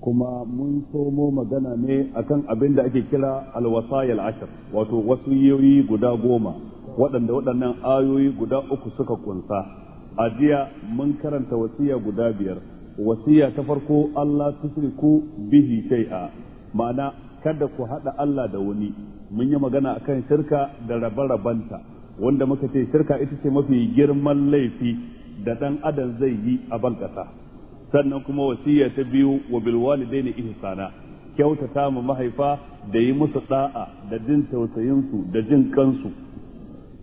kuma mun somo magana ne akan abin da ake kira alwasayil ashar wato wasiyoyi guda goma waɗanda waɗannan ayoyi guda uku suka kunsa a jiya mun karanta wasiya guda biyar wasiya ta farko Allah tusriku bihi shay'a ma'ana kada ku haɗa Allah da wani mun yi magana akan shirka da rabe-rabenta wanda muka ce shirka ita ce mafi girman laifi da ɗan adam zai yi a ban sannan kuma wasiya ta biyu wa bil walidaini ihsana kyautata ma mahaifa da yi musu da'a da jin tausayin su da jin kansu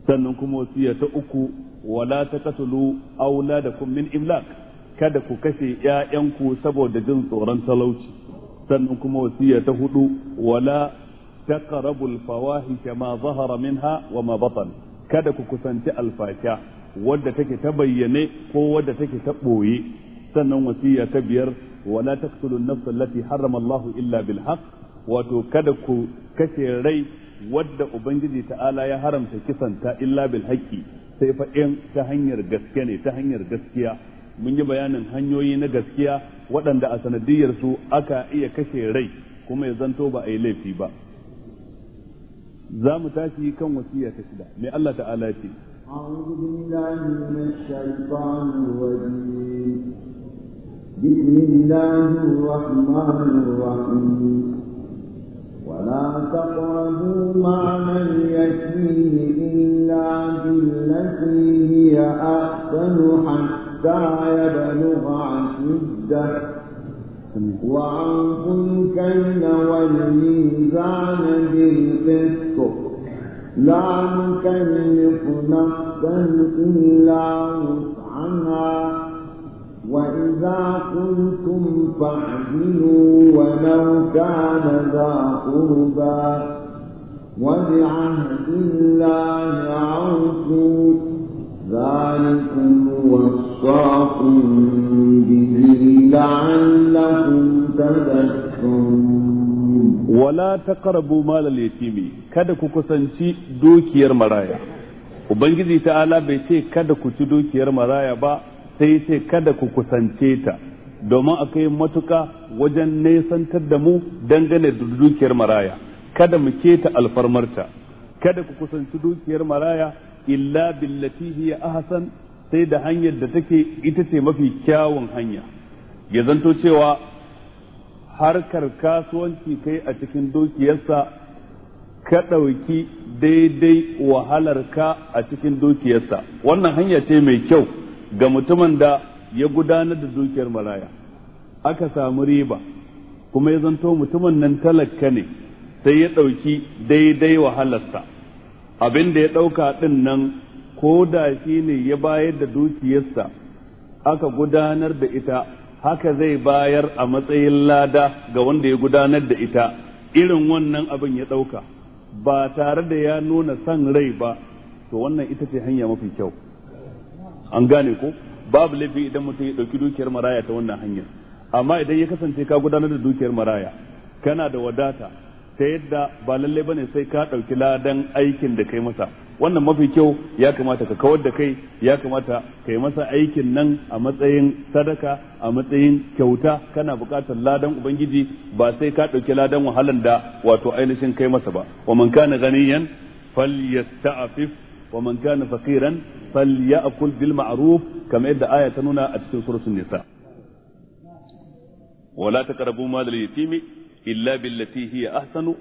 sannan kuma wasiya ta uku wala taqtulu auladakum min imlak kada ku kashe ƴaƴanku saboda jin tsoron talauci sannan kuma wasiya ta hudu wala taqrabul fawahisha ma zahara minha wa ma batan kada ku kusanci alfasha wadda take ta bayyane ko wadda take ta ɓoye sannan wasiya ta biyar wala taqtulun nafsa allati harrama Allah illa bil haqq wato kada ku kashe rai wadda ubangiji ta'ala ya haramta kisan ta illa bil haqqi sai fa in ta hanyar gaske ne ta hanyar gaskiya mun yi bayanin hanyoyi na gaskiya waɗanda a sanadiyar su aka iya kashe rai kuma ya zanto ba a yi laifi ba za mu tashi kan wasiya ta shida mai Allah ta'ala ce أعوذ بالله من الشيطان الرجيم بسم الله الرحمن الرحيم ولا تقربوا معنى اليتيم إلا بالتي هي أحسن حتى يبلغ أشده وأوفوا الكيل والميزان بالقسط لا نكلف نفسا إلا وسعها وإذا قلتم فاعدلوا ولو كان ذا قربى وبعهد الله عوفوا ذلكم وصاكم به لعلكم تذكرون ولا تقربوا مال اليتيم kada ku kusanci dukiyar ubangiji ta'ala bai ce kada ku ci dukiyar maraya ba sai ce kada ku kusance ta domin kai matuka wajen nesantar da mu dangane da dukiyar maraya kada mu ke keta alfarmarta kada ku kusanci dukiyar maraya illa billati hiya ahsan sai da hanyar da take ita ce mafi kyawun hanya ya zanto cewa harkar kasuwanci kai a cikin dukiyarsa ka ɗauki daidai wahalarka a cikin dukiyarsa wannan hanya ce mai kyau ga mutumin da ya gudanar da dukiyar maraya aka samu riba kuma ya zanto mutumin nan talaka ne sai ya ɗauki daidai wahalarsa abin da ya ɗauka ɗin nan ko da shi ne ya bayar da dukiyarsa aka gudanar da ita haka zai bayar a matsayin lada ga wanda ya gudanar da ita irin wannan abin ya ɗauka ba tare da ya nuna san rai ba to wannan ita ce hanya mafi kyau an gane ko babu laifi idan mutum ya ɗauki dukiyar maraya ta wannan hanyar amma idan ya kasance ka gudanar da dukiyar maraya kana da wadata ta yadda ba lallai bane sai ka ɗauki ladan aikin da kai masa wannan mafi kyau ya kamata ka kawar da kai ya kamata ka yi masa aikin nan a matsayin sadaka a matsayin kyauta kana bukatar ladan ubangiji ba sai ka ɗauki ladan wahalan da wato ainihin kai masa ba wa man kana ganiyan falyasta'fif wa man kana faqiran falyakul bil ma'ruf kamar yadda aya ta nuna a cikin suratul nisa wala taqrabu mal yatimi illa billati hiya ahsanu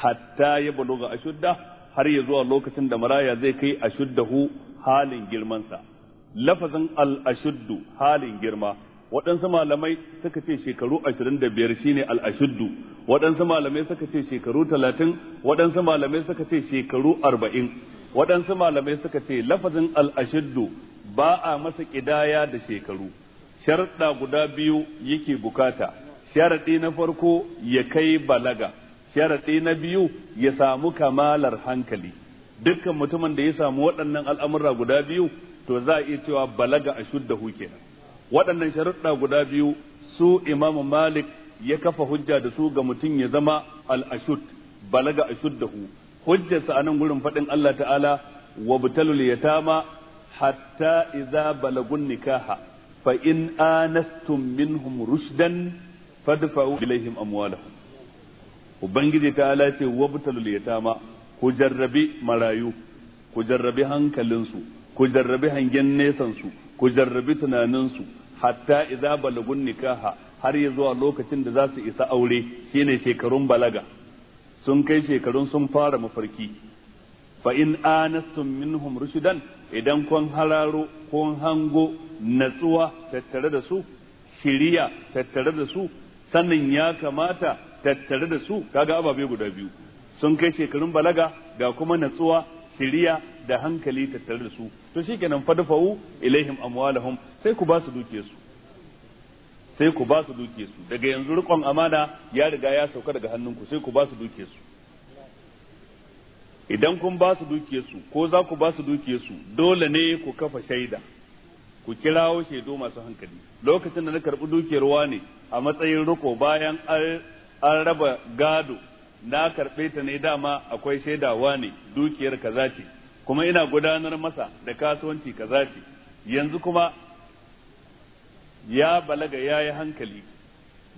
hatta yablugha ashudda har ya zuwa lokacin da maraya zai kai ashuddahu halin girmansa lafazin al ashuddu halin girma waɗansu malamai suka ce shekaru ashirin da biyar shine al'ashuddu waɗansu malamai suka ce shekaru talatin waɗansu malamai suka ce shekaru arba'in waɗansu malamai suka ce lafazin al'ashiddu ba a masa ƙidaya da shekaru sharɗa guda biyu yake bukata sharaɗi na farko ya kai balaga sharaɗi na biyu ya samu kamalar hankali dukkan mutumin da ya samu waɗannan al'amura guda biyu to za a iya cewa balaga a shudda huke waɗannan sharuɗa guda biyu su imamu malik ya kafa hujja da su ga mutum ya zama al'ashud balaga a hu. hujjarsa a nan gurin faɗin Allah ta'ala wa butalul yatama hatta izabalagun balagun nikaha fa in anastum minhum rushdan fadfa'u ilaihim amwalahum ubangiji ta'ala ce wa butalul yatama ku jarrabi marayu ku jarrabi hankalinsu ku jarrabi hangen nesansu ku jarrabi tunaninsu hatta iza balagun nikaha har ya zuwa lokacin da za su isa aure shine shekarun balaga sun kai shekarun sun fara mafarki fa in anastum minhum rushdan idan kun hararo kun hango natsuwa tattare da su shiriya tattare da su sanin ya kamata tattare da su kaga ababe guda biyu sun kai shekarun balaga ga kuma natsuwa shiriya da hankali tattare da su to shikenan fadfa'u ilaihim amwalahum sai ku ba su dukiyarsu sai ku ba su duke su daga yanzu rikon amana ya riga ya sauka daga hannunku sai ku ba su duke su idan kun ba su duke su ko za ku ba su duke su dole ne ku kafa shaida ku kirawo shaidu masu hankali lokacin da na karɓi dukiyar ne a matsayin riko bayan an raba gado na karɓe ta ne dama akwai shaidawa ne dukiyar kaza ce kuma ina gudanar masa da kasuwanci kaza ce yanzu kuma ya balaga ya yi hankali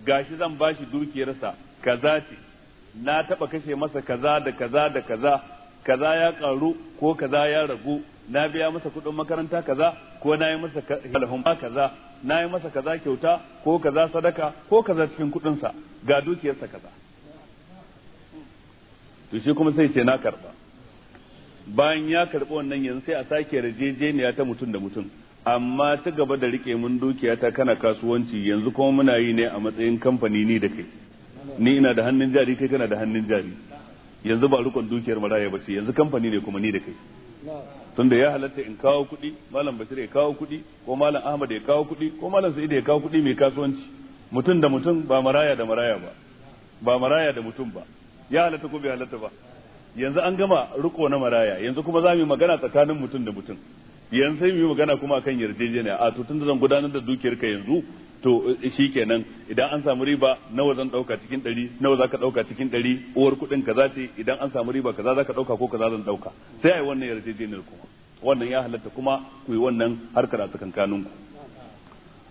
gashi zan bashi dukiyarsa kaza ce na taɓa kashe masa kaza da kaza da kaza kaza ya karu ko kaza ya ragu na biya masa kuɗin makaranta kaza ko na yi masa kaza na yi masa kaza kyauta ko kaza sadaka ko kaza cikin kuɗinsa ga dukiyarsa kaza to shi kuma sai ce na karba bayan ya karɓi wannan yanzu sai a sake yarjejeniya ta mutum da mutum amma ci gaba da rike mun dukiya ta kana kasuwanci yanzu kuma muna yi ne a matsayin kamfani ni da kai ni ina da hannun jari kai kana da hannun jari yanzu ba rukun dukiyar maraya ba ce yanzu kamfani ne kuma ni da kai tunda ya halatta in kawo kuɗi malam bashir ya kawo kuɗi ko malam ahmad ya kawo kuɗi ko malam sa'id ya kawo kuɗi mai kasuwanci mutum da mutum ba maraya da maraya ba ba maraya da mutum ba ya halatta ko bai halatta ba yanzu an gama riko na maraya yanzu kuma za mu yi magana tsakanin mutum da mutum yanzu sai mu yi magana kuma kan yarjejeniya a to tun da zan gudanar da dukiyar ka yanzu to eh, shi kenan idan an samu riba nawa zan dauka cikin dari nawa za ka dauka cikin dari uwar kuɗin kaza ce idan an samu riba kaza za ka dauka ko kaza zan dauka sai a yi wannan yarjejeniyar kuma wannan ya halatta kuma ku yi wannan harkar a tsakankanin ku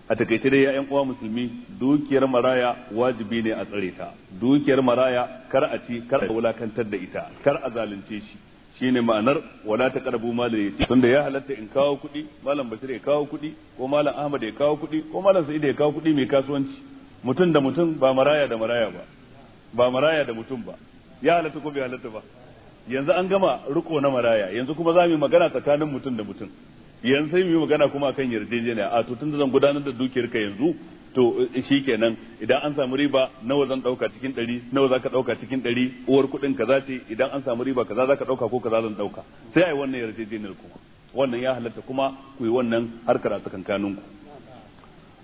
a takaice dai ya'yan uwa musulmi dukiyar maraya wajibi ne a tsare ta dukiyar maraya kar a ci kar a wulakantar da ita kar a zalunce shi shine ma'anar wala ta karabu malin yatim tunda ya halatta in kawo kuɗi malam bashir ya kawo kuɗi ko malam ahmad ya kawo kuɗi ko malam sa'id ya kawo kuɗi mai kasuwanci mutum da mutum ba maraya da maraya ba ba maraya da mutum ba ya halatta ko bai halatta ba yanzu an gama riko na maraya yanzu kuma za mu yi magana tsakanin mutum da mutum yanzu sai mu yi magana kuma akan yarjejeniya a to tun zan gudanar da dukiyar ka yanzu to eh, shi kenan idan an samu riba nawa zan dauka cikin dari nawa zaka dauka cikin dari uwar kuɗin kaza ce idan an samu riba kaza zaka dauka ko kaza zan dauka sai a wannan yarjejeniyar ku wannan ya halatta kuma ku yi wannan harkar a ku.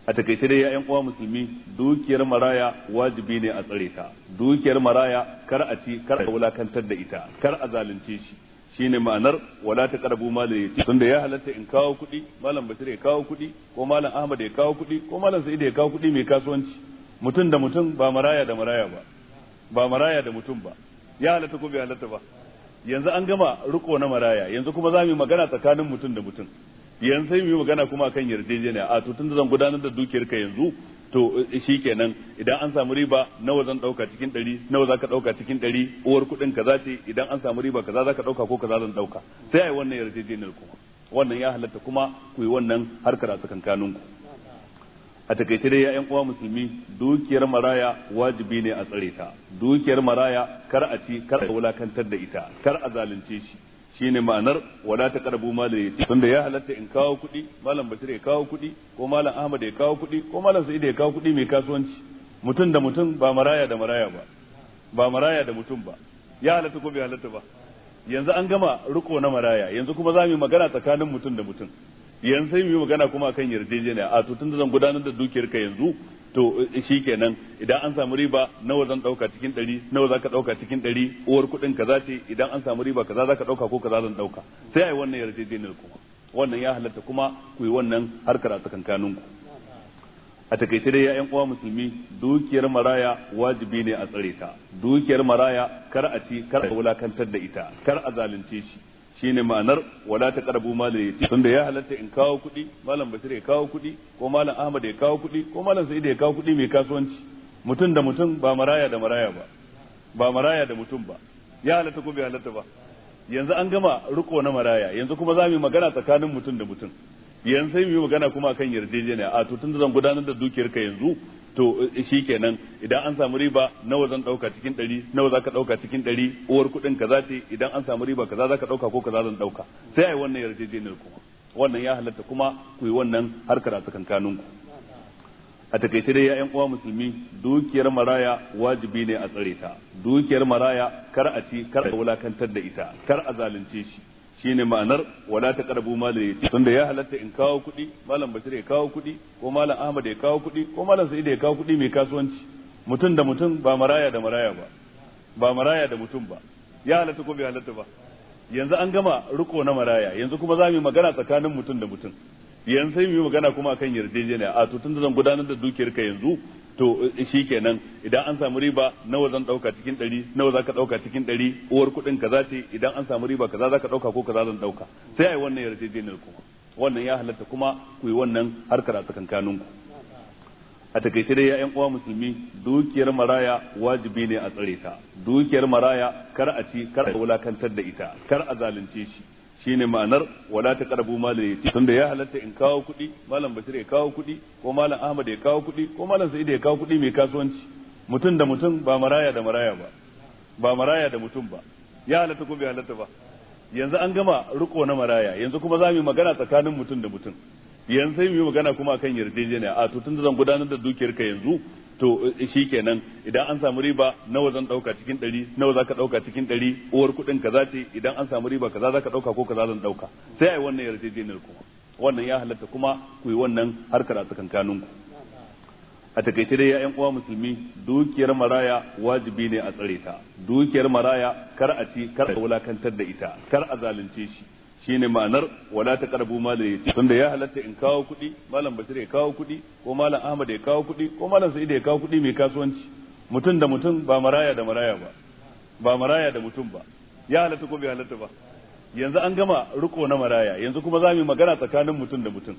a takaice dai ya'yan uwa musulmi dukiyar maraya wajibi ne a tsare ta dukiyar maraya kar a ci kar a wulakantar da ita kar a zalunce shi shine ma'anar wala ta karabu malin yati tunda ya halatta in kawo kuɗi malam bashir ya kawo kuɗi ko malam ahmad ya kawo kuɗi ko malam sa'id ya kawo kuɗi mai kasuwanci mutum da mutum ba maraya da maraya ba ba maraya da mutum ba ya halatta ko bai halatta ba yanzu an gama riko na maraya yanzu kuma za mu yi magana tsakanin mutum da mutum yanzu sai mu yi magana kuma akan yarjejeniya a to tunda zan gudanar da dukiyar ka yanzu to eh, shikenan idan an samu riba nawa zan dauka cikin dari nawa zaka dauka cikin dari uwar kuɗin kaza ce idan an samu riba kaza zaka dauka ko kaza zan dauka sai ai wannan yarjejeniyar kuma wannan ya halatta kuma ku yi wannan harkar a kanun ku a takaice dai ya'yan uwa musulmi dukiyar maraya wajibi ne a tsare ta dukiyar maraya kar a ci kar a wulakantar da ita kar a zalunce shi Shi ne ma'anar wala ta karabu malal yatim da ya halatta in kawo kuɗi malam Bashir ya kawo kuɗi ko malam Ahmad ya kawo kuɗi ko malam Sa'id ya kawo kuɗi mai kasuwanci mutum da mutum ba maraya da maraya ba ba maraya da mutum ba ya halatta ko bai halatta ba yanzu an gama riko na maraya yanzu kuma za mu yi magana tsakanin mutum da mutum yanzu sai mu yi magana kuma akan yarjejeniya a to tunda zan gudanar da dukiyar ka yanzu to eh, shi kenan idan an samu riba nawa zan dauka cikin ɗari nawa zaka dauka cikin ɗari uwar kuɗin kaza ce idan an samu riba kaza zaka dauka ko kaza zan dauka sai yi wannan yarjejeniyar kuma wannan ya halatta kuma ku yi wannan harkar a tsakankanin ku a takaice dai ya'yan uwa musulmi dukiyar maraya wajibi ne a tsare ta dukiyar maraya kar a ci kar a wulakantar da ita kar a zalunce shi Shi ne ma'anar wala ta karabu malal yatim tunda ya halatta in kawo kuɗi malam bashir ya kawo kuɗi ko malam ahmad ya kawo kuɗi ko malam sa'id ya kawo kuɗi mai kasuwanci mutum da mutum ba maraya da maraya ba ba maraya da mutum ba ya halatta ko bai halatta ba yanzu an gama riko na maraya yanzu kuma za mu yi magana tsakanin mutum da mutum yanzu sai mu yi magana kuma akan yarjejeniya a to tunda zan gudanar da dukiyar ka yanzu to eh, kenan idan an samu riba nawa zan dauka cikin ɗari nawa zaka dauka cikin ɗari uwar kuɗin kaza ce idan an samu riba kaza zaka dauka ko kaza zan dauka sai ai wannan yarjejeniyar kuma wannan ya halatta kuma ku yi wannan harkar a tsakankanin ku a takaice dai ya'yan uwa musulmi dukiyar maraya wajibi ne a tsare ta dukiyar maraya kar a ci kar a wulakantar da ita kar a zalunce shi shine ma'anar wala ta karbu yatim tunda ya halatta in kawo kuɗi malam bashir ya kawo kuɗi ko malam ahmad ya kawo kuɗi ko malam sa'id ya kawo kuɗi mai kasuwanci mutum da mutum ba maraya da maraya ba ba maraya da mutum ba ya halatta ko bai halatta ba yanzu an gama riko na maraya yanzu kuma za mu yi magana tsakanin mutum da mutum yanzu sai mu yi magana kuma akan yarjejeniya a to tunda zan gudanar da dukiyar ka yanzu to eh, shi kenan idan an samu riba nawa zan dauka cikin ɗari nawa zaka ka dauka cikin ɗari uwar kuɗin kaza ce idan an samu riba kaza za ka dauka ko kaza zan dauka sai ai wannan yarjejeniyar kuma wannan ya halatta kuma ku yi wannan harkar a tsakankanin ku a takaice dai ya'yan uwa musulmi dukiyar maraya wajibi ne a tsare ta dukiyar maraya kar a ci kar a wulakantar da ita kar a zalunce shi shine ma'anar wala ta karabu malin yati tunda ya halatta in kawo kuɗi malam basir ya kawo kuɗi ko malam ahmad ya kawo kuɗi ko malam sa'id ya kawo kuɗi mai kasuwanci mutum da mutum ba maraya da maraya ba ba maraya da mutum ba ya halatta ko bai halatta ba yanzu an gama riko na maraya yanzu kuma za mu yi magana tsakanin mutum da mutum yanzu sai mu yi magana kuma akan yarjejeniya a to tun da zan gudanar da dukiyar ka yanzu to eh, shi kenan idan an samu riba nawa zan dauka cikin ɗari nawa zaka ka dauka cikin ɗari uwar kuɗin kaza ce idan an samu riba kaza za ka dauka ko kaza zan dauka sai ai wannan yarjejeniyar kuma wannan ya halatta kuma ku yi wannan harkar a tsakankanin ku a takaice dai ya'yan uwa musulmi dukiyar maraya wajibi ne a tsare ta dukiyar maraya kar a ci kar a wulakantar da ita kar a zalunce shi shine ma'anar wala ta karbu malal Tun tunda ya halatta in kawo kuɗi malam bashir ya kawo kuɗi ko malam ahmad ya kawo kuɗi ko malam sa'id ya kawo kuɗi mai kasuwanci mutum da mutum ba maraya da maraya ba ba maraya da mutum ba ya halatta ko bai halatta ba yanzu an gama riko na maraya yanzu kuma za mu yi magana tsakanin mutum da mutum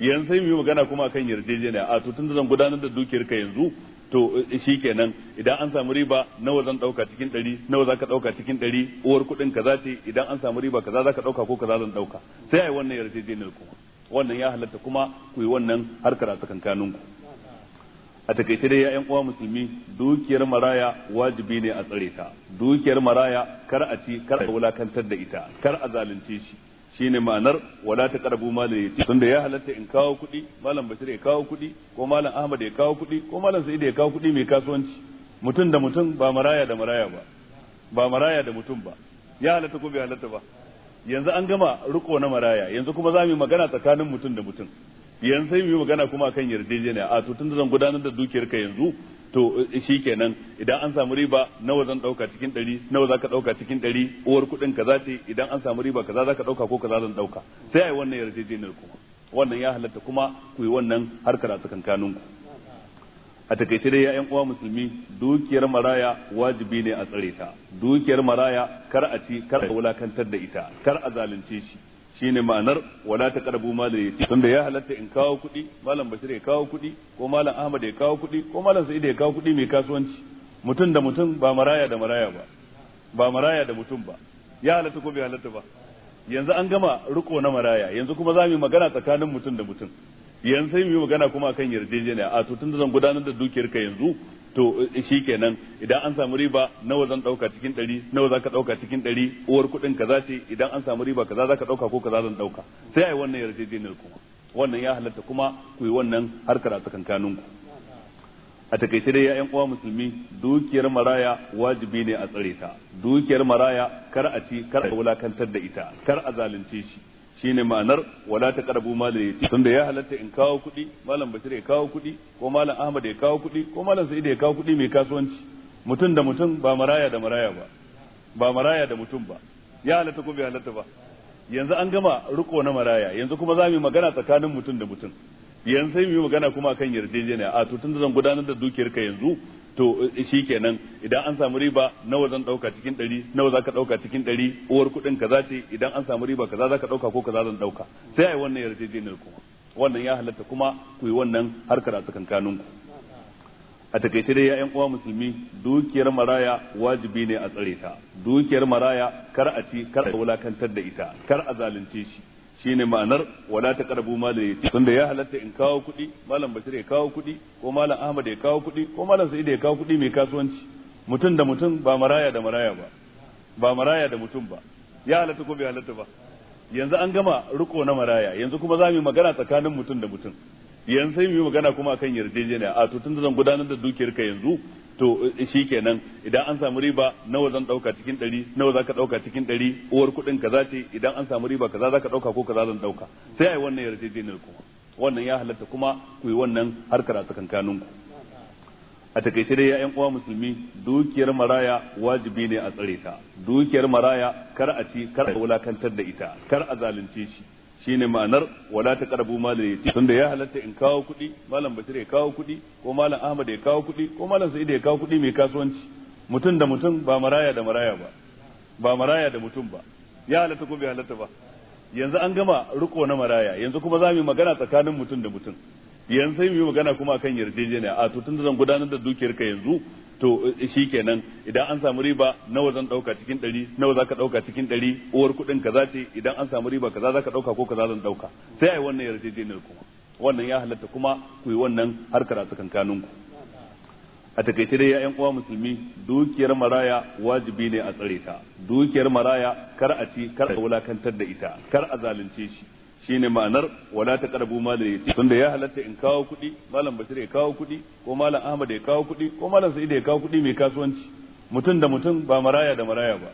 yanzu sai mu yi magana kuma akan yarjejeniya a to tun da zan gudanar da dukiyar ka yanzu to eh, shi kenan idan an samu riba nawa zan dauka cikin ɗari nawa za ka dauka cikin ɗari uwar kuɗin kaza ce idan an samu riba kaza za ka dauka ko kaza zan dauka sai a yi wannan yarjejeniyar kuma wannan ya halatta kuma ku yi wannan harkar a tsakankanin ku a takaice dai ya'yan uwa musulmi dukiyar maraya wajibi ne a tsare ta dukiyar maraya kar a ci kar a wulakantar da ita kar a zalunce shi Shi ne ma'anar wala ta karabu malin yati tunda ya halatta in kawo kuɗi malam bashir ya kawo kuɗi ko malam ahmad ya kawo kuɗi ko malam sa'id ya kawo kuɗi mai kasuwanci mutum da mutum ba maraya da maraya ba ba maraya da mutum ba ya halatta ko bai halatta ba yanzu an gama riko na maraya yanzu kuma za mu yi magana tsakanin mutum da mutum yanzu sai mu yi magana kuma akan yarjejeniya a to tun da zan gudanar da dukiyar ka yanzu to eh, shi kenan idan an samu riba nawa zan dauka cikin ɗari nawa zaka dauka cikin ɗari uwar kuɗin kazace ce idan an samu riba kaza zaka dauka ko kaza zan dauka sai ai wannan yarjejeniyar kuma wannan ya halatta kuma ku yi wannan harkar a tsakankanin ku a takaice dai ya'yan uwa musulmi dukiyar maraya wajibi ne a tsare ta dukiyar maraya kar a ci kar a wulakantar da ita kar a zalunce shi shine ma'anar wala ta karbu malar yati tunda ya halatta in kawo kuɗi malam bashir ya kawo kuɗi ko malam ahmad ya kawo kuɗi ko malam sa'id ya kawo kuɗi mai kasuwanci mutum da mutum ba maraya da maraya ba ba maraya da mutum ba ya halatta ko bai halatta ba yanzu an gama riko na maraya yanzu kuma za mu yi magana tsakanin mutum da mutum yanzu sai mu yi magana kuma akan yarjejeniya a to tunda zan gudanar da dukiyar ka yanzu to eh, kenan idan an samu riba nawa zan dauka cikin ɗari nawa zaka dauka cikin ɗari uwar kuɗin kaza ce idan an samu riba kaza zaka dauka ko kaza zan dauka sai ai wannan yarjejeniyar kuma wannan ya halatta kuma ku yi wannan harkar a tsakankanin ku a takaice dai ya'yan uwa musulmi dukiyar maraya wajibi ne a tsare ta dukiyar maraya kar a ci kar a wulakantar da ita kar a zalunce shi shine ma'anar wala karbu mal yatim tunda ya halatta in kawo kuɗi malam Bashir ya kawo kuɗi ko malam Ahmad ya kawo kuɗi ko malam Sa'id ya kawo kuɗi mai kasuwanci mutum da mutum ba maraya da maraya ba ba maraya da mutum ba ya halatta ko bai halatta ba yanzu an gama riko na maraya yanzu kuma za mu yi magana tsakanin mutum da mutum yanzu sai mu yi magana kuma akan yarjejeniya a to tunda zan gudanar da dukiyar ka yanzu to eh, nan idan an samu riba nawa zan dauka cikin ɗari nawa zaka dauka cikin ɗari uwar kuɗin kaza ce idan an samu riba kaza ka dauka ko kaza zan dauka sai yi wannan yarjejeniyar kuma wannan ya halatta kuma ku yi wannan harkar a tsakankanin ku a takaice dai ya uwa musulmi dukiyar maraya wajibi ne a tsare ta dukiyar maraya kar a ci kar a wulakantar da ita kar a zalunce shi shine ma'anar wala ta karbu malin yatim tunda ya halatta in kawo kuɗi malam bashir ya kawo kuɗi ko malam ahmad ya kawo kuɗi ko malam sa'id ya kawo kuɗi mai kasuwanci mutum da mutum ba maraya da maraya ba ba maraya da mutum ba ya halatta ko bai halatta ba yanzu an gama riko na maraya yanzu kuma za mu yi magana tsakanin mutum da mutum yanzu sai mu yi magana kuma akan yarjejeniya a to tunda zan gudanar da dukiyar ka yanzu to eh, shi kenan idan an samu riba nawa zan dauka cikin dari nawa zaka dauka cikin dari uwar kuɗin kaza ce idan an samu riba kaza zaka dauka ko kaza zan dauka sai a wannan yarjejeniyar kuma wannan ya halatta kuma ku yi wannan harkar a tsakankanin ku a takaice dai ya'yan uwa musulmi dukiyar maraya wajibi ne a tsare ta dukiyar maraya kar a ci kar a wulakantar da ita kar a zalunce shi shine ma'anar wala ta karabu malin yatim tunda ya halatta in kawo kuɗi malam bashir ya kawo kuɗi ko malam ahmad ya kawo kuɗi ko malam sa'id ya kawo kuɗi mai kasuwanci mutum da mutum ba maraya da maraya ba ba maraya da mutum ba ya halatta ko bai halatta ba yanzu an gama riko na maraya yanzu kuma za mu yi magana tsakanin mutum da mutum yanzu sai mu yi magana kuma akan yarjejeniya a to tun zan gudanar da dukiyarka yanzu to eh, shi kenan idan an samu riba nawa zan dauka cikin ɗari nawa zaka ka dauka cikin ɗari uwar kuɗin kaza ce idan an samu riba kaza zaka ka dauka ko kaza zan dauka sai a yi wannan yarjejeniyar kuma wannan ya halatta kuma ku yi wannan harkar a tsakankanin ku a takaice dai ya'yan uwa musulmi dukiyar maraya wajibi ne a tsare ta dukiyar maraya kar a ci kar a wulakantar da ita kar a zalunce shi shine ma'anar wala ta karbu malin yatim tunda ya halatta in kawo kuɗi malam bashir ya kawo kuɗi ko malam ahmad ya kawo kuɗi ko malam sa'id ya kawo kuɗi mai kasuwanci mutum da mutum ba maraya da maraya ba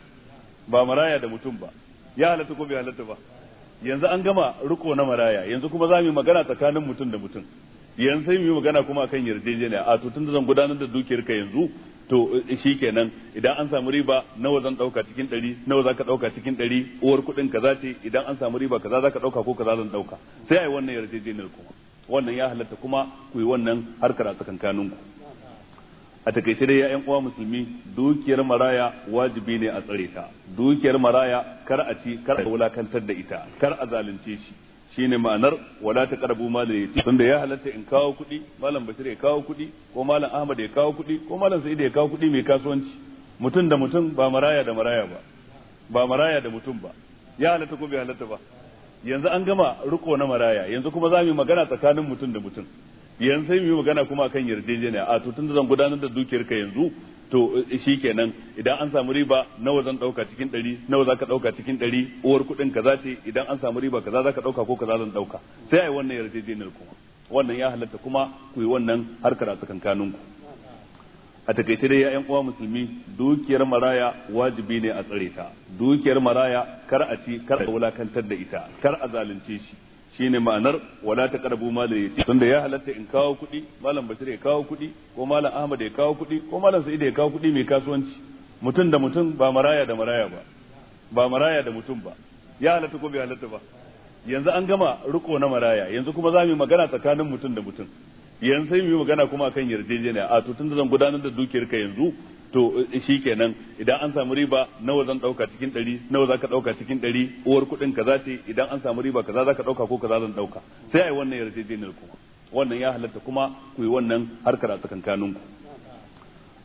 ba maraya da mutum ba ya halatta ko bai halatta ba yanzu an gama riko na maraya yanzu kuma za mu yi magana tsakanin mutum da mutum yanzu sai mu yi magana kuma akan yarjejeniya a to tun da zan gudanar da dukiyar ka yanzu to eh, shikenan idan an samu riba nawa zan dauka cikin ɗari nawa zaka dauka cikin ɗari uwar kuɗin kaza ce idan an samu riba kaza zaka dauka ko kaza zan dauka sai ai wannan yarjejeniyar kuma wannan ya halatta kuma ku yi wannan harkar a tsakankanin ku a takaice dai ya'yan uwa musulmi dukiyar maraya wajibi ne a tsare ta dukiyar maraya kar a ci kar a wulakantar da ita kar a zalunce shi Shi ne ma'anar wala ta karabu malal yati tunda ya halatta in kawo kuɗi malam bashir ya kawo kuɗi ko malam ahmad ya kawo kuɗi ko malam sa'id ya kawo kuɗi mai kasuwanci mutum da mutum ba maraya da maraya ba ba maraya da mutum ba ya halatta ko bai halatta ba yanzu an gama riko na maraya yanzu kuma za mu yi magana tsakanin mutum da mutum yanzu sai mu yi magana kuma akan yarjejeniya a to zan gudanar da dukiyar ka yanzu to eh, shi kenan idan an samu riba nawa zan dauka cikin ɗari nawa zaka dauka cikin ɗari uwar kuɗin kaza ce idan an samu riba kaza zaka dauka ko kaza zan dauka sai yi wannan yarjejeniyar kuma wannan ya halatta kuma ku yi wannan harkar a tsakankanin ku a takaice dai ya'yan uwa musulmi dukiyar maraya wajibi ne a tsare ta dukiyar maraya kar a ci kar a wulakantar da ita kar a zalunce shi shine ma'anar wala ta taqrabu mal yatim tunda ya halatta in kawo kuɗi malam Bashir ya kawo kuɗi ko malam Ahmad ya kawo kuɗi ko malam Sa'id ya kawo kuɗi mai kasuwanci mutum da mutum ba maraya da maraya ba ba maraya da mutum ba ya halatta ko bai halatta ba yanzu an gama riko na maraya yanzu kuma za mu yi magana tsakanin mutum da mutum yanzu sai mu yi magana kuma akan yarjejeniya a to tunda zan gudanar da dukiyar ka yanzu to eh, shi kenan idan an samu riba nawa zan dauka cikin ɗari nawa zaka dauka cikin ɗari uwar kuɗin kaza ce idan an samu riba kaza zaka dauka ko kaza zan dauka sai ai wannan yarjejeniyar kuma wannan ya halatta kuma ku yi wannan harkar a tsakankanin ku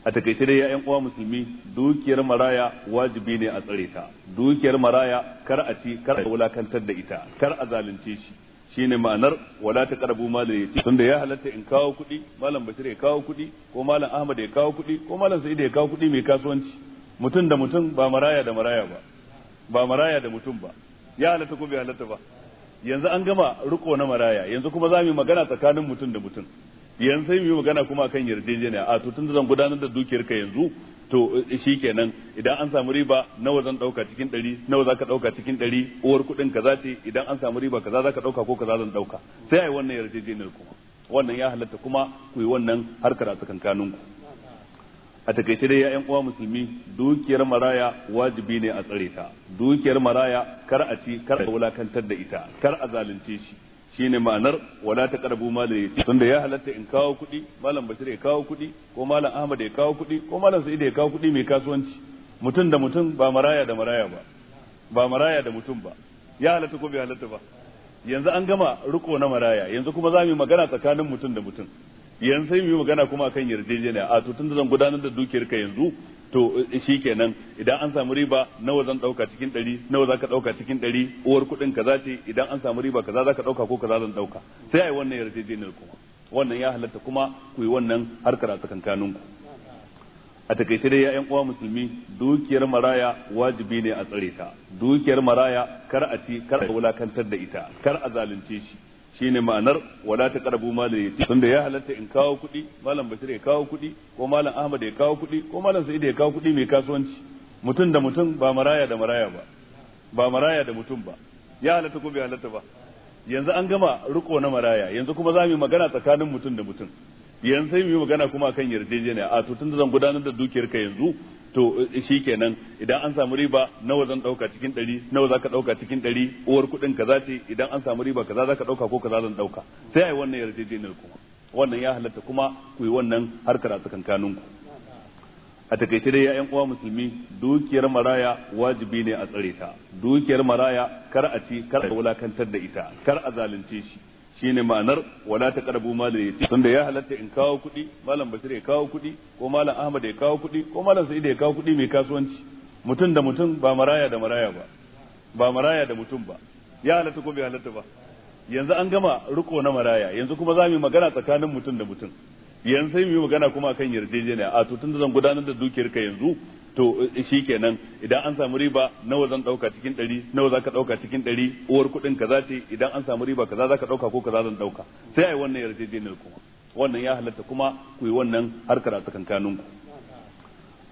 a takaice dai ya'yan uwa musulmi dukiyar maraya wajibi ne a tsare ta dukiyar maraya kar a ci kar a wulakantar da ita kar a zalunce shi Shi ne ma'anar wala ta karabu malal yatim tunda ya halatta in kawo kuɗi malam bashir ya kawo kuɗi ko malam ahmad ya kawo kuɗi ko malam sa'id ya kawo kuɗi mai kasuwanci mutum da mutum ba maraya da maraya ba ba maraya da mutum ba ya halatta ko bai halatta ba yanzu an gama riko na maraya yanzu kuma za mu yi magana tsakanin mutum da mutum yanzu sai mu yi magana kuma kan yarjejeniya a to tun zan gudanar da dukiyar ka yanzu to eh, shi kenan idan an samu riba nawa zan dauka cikin dari nawa zaka dauka cikin dari uwar kuɗin kaza ce idan an samu riba kaza zaka dauka ko kaza zan dauka sai ai wannan yarjejeniyar kuma wannan ya halatta kuma ku yi wannan harkar a tsakankanin ku a takaice dai ya uwa musulmi dukiyar maraya wajibi ne a tsare ta dukiyar maraya kar a ci kar a wulakantar da ita kar a zalunce shi shine ma'anar wala ta karabu malin yatim tunda ya halatta in kawo kuɗi malam bashir ya kawo kuɗi ko malam ahmad ya kawo kuɗi ko malam sa'id ya kawo kuɗi mai kasuwanci mutum da mutum ba maraya da maraya ba ba maraya da mutum ba ya halatta ko bai halatta ba yanzu an gama riko na maraya yanzu kuma za mu yi magana tsakanin mutum da mutum yanzu sai mu yi magana kuma akan yarjejeniya a to tun da zan gudanar da dukiyar ka yanzu to eh, shi kenan idan an samu riba nawa zan dauka cikin ɗari nawa za ka dauka cikin ɗari uwar kuɗin kaza ce idan an samu riba kaza za ka dauka ko kaza zan dauka sai a yi wannan yarjejeniyar kuma wannan ya halatta kuma ku yi wannan harkar a tsakankanin ku a takaice dai ya'yan uwa musulmi dukiyar maraya wajibi ne a tsare ta dukiyar maraya kar a ci kar a wulakantar da ita kar a zalunce shi shine ma'anar wala ta karabu malal tun da ya halatta in kawo kuɗi malam bashir ya kawo kuɗi ko malam ahmad ya kawo kuɗi ko malam sa'id ya kawo kuɗi mai kasuwanci mutum da mutum ba maraya da maraya ba ba maraya da mutum ba ya halatta ko bai halatta ba yanzu an gama riko na maraya yanzu kuma za mu yi magana tsakanin mutum da mutum yanzu sai mu yi magana kuma akan yarjejeniya a to da zan gudanar da dukiyar ka yanzu to eh, shi kenan idan an samu riba nawa zan dauka cikin ɗari nawa zaka dauka cikin ɗari uwar kuɗin kaza ce idan an samu riba kaza zaka dauka ko kaza zan dauka sai ai wannan yarjejeniyar kuma wannan ya halatta kuma ku yi wannan harkar a kanun ku a takaice dai ya'yan uwa musulmi dukiyar maraya wajibi ne a tsare ta dukiyar maraya kar a ci kar a wulakantar da ita kar a zalunce shi Shi ne ma'anar wala ta karabu malin yatim tunda ya halatta in kawo kuɗi malam bashir ya kawo kuɗi ko malam ahmad ya kawo kuɗi ko malam sa'id ya kawo kuɗi mai kasuwanci mutum da mutum ba maraya da maraya ba ba maraya da mutum ba ya halatta ko bai halatta ba yanzu an gama riko na maraya yanzu kuma za mu yi magana tsakanin mutum da mutum yanzu sai mu yi magana kuma akan yarjejeniya a to tun da zan gudanar da dukiyar ka yanzu to eh, shi kenan idan an samu riba nawa zan dauka cikin ɗari nawa za ka dauka cikin ɗari uwar kuɗin kaza ce idan an samu riba kaza za ka dauka ko kaza zan dauka sai a yi wannan yarjejeniyar kuma wannan ya halatta kuma ku yi wannan harkar a tsakankanin ku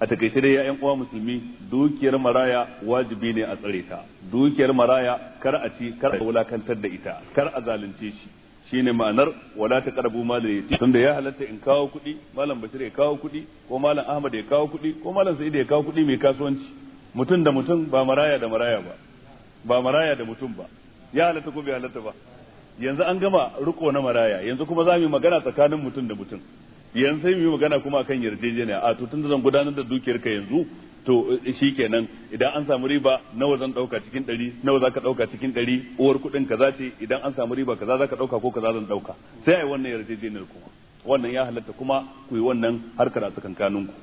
a takaice dai ya'yan uwa musulmi dukiyar maraya wajibi ne a tsare ta dukiyar maraya kar a ci kar a wulakantar da ita kar a zalunce shi Shi ne ma'anar wala ta karabu malar tun tunda ya halatta in kawo kuɗi malam bashir ya kawo kuɗi ko malam ahmad ya kawo kuɗi ko malam sa'id ya kawo kuɗi mai kasuwanci mutum da mutum ba maraya da maraya ba ba maraya da mutum ba ya halatta ko bai halatta ba yanzu an gama riko na maraya yanzu kuma za mu yi magana tsakanin mutum da mutum yanzu sai mu yi magana kuma akan yarjejeniya a to tunda zan gudanar da dukiyar ka yanzu to eh, kenan idan an samu riba nawa zan dauka cikin ɗari nawa zaka dauka cikin ɗari uwar kuɗin kaza ce idan an samu riba kaza zaka dauka ko kaza zan dauka sai ai wannan yarjejeniyar kuma wannan ya halatta kuma ku yi wannan harkar a tsakankanin ku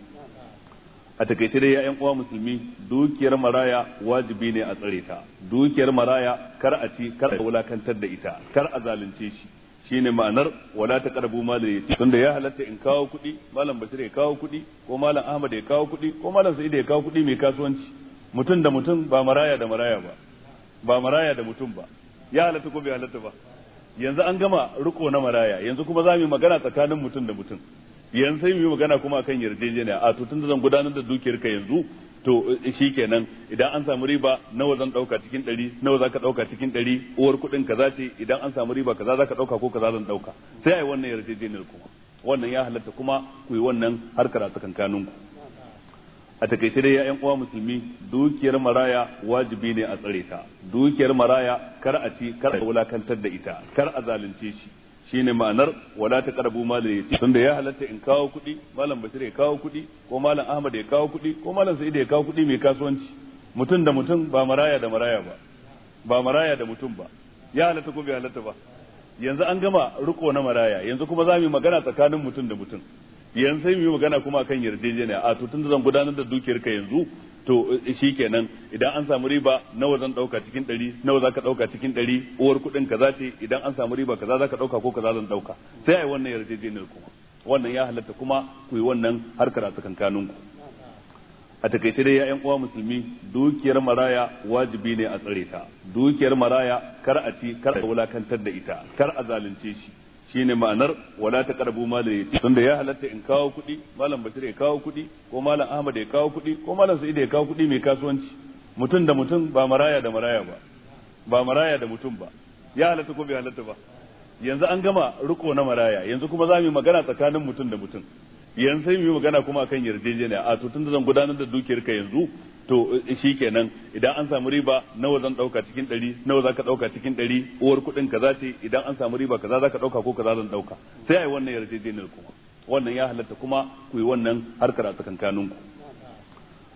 a takaice dai ya'yan uwa musulmi dukiyar maraya wajibi ne a tsare ta dukiyar maraya kar a ci kar a wulakantar da ita kar a zalunce shi shine ma'anar wala ta taqrabu mal yatim tunda ya halatta in kawo kuɗi malam Bashir ya kawo kuɗi ko malam Ahmad ya kawo kuɗi ko malam Sa'id ya kawo kuɗi mai kasuwanci mutum da mutum ba maraya da maraya ba ba maraya da mutum ba ya halatta ko bai halatta ba yanzu an gama riko na maraya yanzu kuma za mu yi magana tsakanin mutum da mutum yanzu sai mu yi magana kuma akan yarjejeniya a to da zan gudanar da dukiyar ka yanzu to eh, kenan idan an samu riba nawa zan dauka cikin ɗari nawa zaka dauka cikin ɗari uwar kuɗin kaza ce idan an samu riba kaza zaka dauka ko kaza zan dauka sai ai wannan yarjejeniyar kuma wannan ya halatta kuma ku yi wannan harkar a tsakankanin ku a takaice dai ya'yan uwa musulmi dukiyar maraya wajibi ne a tsare ta dukiyar maraya kar a ci kar a wulakantar da ita kar a zalunce shi Shi ne ma'anar wala ta karabu malal yatim tunda ya halatta in kawo kuɗi malam bashir ya kawo kuɗi ko malam ahmad ya kawo kuɗi ko malam sa'id ya kawo kuɗi mai kasuwanci mutum da mutum ba maraya da maraya ba ba maraya da mutum ba ya halatta ko bai halatta ba yanzu an gama riko na maraya yanzu kuma za mu yi magana tsakanin mutum da mutum yanzu sai mu yi magana kuma akan yarjejeniya a to tunda zan gudanar da dukiyar ka yanzu to eh, shi kenan idan an samu riba nawa zan dauka cikin ɗari nawa za ka dauka cikin ɗari uwar kuɗin kaza ce idan an samu riba kaza za ka dauka ko kaza zan dauka sai a yi wannan yarjejeniyar kuma wannan ya halatta kuma ku yi wannan harkar a tsakankanin ku a takaice dai ya'yan uwa musulmi dukiyar maraya wajibi ne a tsare ta dukiyar maraya kar a ci kar a wulakantar da ita kar a zalunce shi shine ma'anar wala ta karbu malin yatim tunda ya halatta in kawo kuɗi malam bashir ya kawo kuɗi ko malam ahmad ya kawo kuɗi ko malam sa'id ya kawo kuɗi mai kasuwanci mutum da mutum ba maraya da maraya ba ba maraya da mutum ba ya halatta ko bai halatta ba yanzu an gama riko na maraya yanzu kuma za mu yi magana tsakanin mutum da mutum yanzu sai mu yi magana kuma akan yarjejeniya a to tunda zan gudanar da dukiyar ka yanzu to eh, shi kenan idan an samu riba nawa zan dauka cikin ɗari nawa za ka dauka cikin ɗari uwar kuɗin kaza ce idan an samu riba kaza za ka dauka ko kaza zan dauka sai a yi wannan yarjejeniyar kuma wannan ya halatta kuma ku yi wannan harkar a tsakankaninku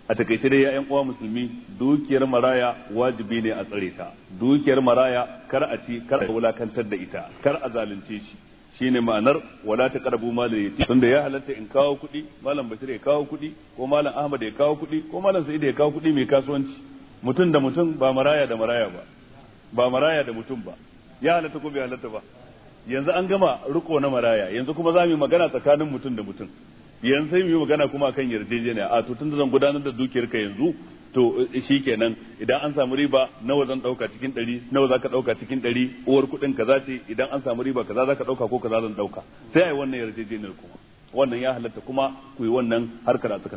a takaice dai ya'yan uwa musulmi dukiyar maraya wajibi ne a tsare ta dukiyar maraya kar a ci kar a wulakantar da ita kar a zalunce shi shine ma'anar wala ta karabu malin yati tunda ya halatta in kawo kuɗi malam bashir ya kawo kuɗi ko malam ahmad ya kawo kuɗi ko malam sa'id ya kawo kuɗi mai kasuwanci mutum da mutum ba maraya da maraya ba ba maraya da mutum ba ya halatta ko bai halatta ba yanzu an gama riko na maraya yanzu kuma za mu yi magana tsakanin mutum da mutum yanzu sai mu yi magana kuma akan yarjejeniya a to tun zan gudanar da dukiyarka yanzu to eh, shi kenan idan an samu riba nawa zan dauka cikin ɗari nawa za ka dauka cikin ɗari uwar kuɗin kaza ce idan an samu riba kaza za ka dauka ko kaza zan dauka sai a yi wannan yarjejeniyar ku wannan ya halatta kuma ku yi wannan harkar a ku.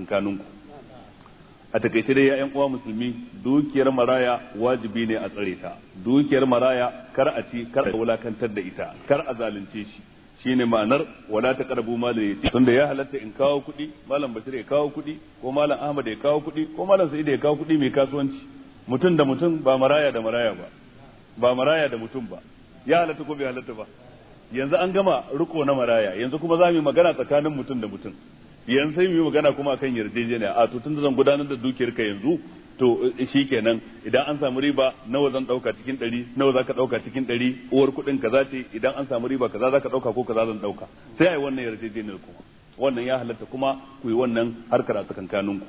a takaice dai ya'yan uwa musulmi dukiyar maraya wajibi ne a tsare ta dukiyar maraya kar a ci kar a wulakantar da ita kar a zalunce shi Shi ne ma'anar wala ta karabu malin Tun da ya halatta in kawo kuɗi malam bashir ya kawo kuɗi ko malam ahmad ya kawo kuɗi ko malam sa'id ya kawo kuɗi mai kasuwanci mutum da mutum ba maraya da maraya ba ba maraya da mutum ba ya halatta ko bai halatta ba yanzu an gama riko na maraya yanzu kuma za mu yi magana tsakanin mutum da mutum yanzu sai mu yi magana kuma akan yarjejeniya a to tun da zan gudanar da dukiyar ka yanzu to eh, shi kenan idan an samu riba nawa zan dauka cikin ɗari nawa zaka dauka cikin ɗari uwar kuɗin kaza ce idan an samu riba kaza zaka dauka ko kaza zan dauka sai ai wannan yarjejeniyar kuma wannan ya halatta kuma ku yi wannan harkar a tsakankanin ku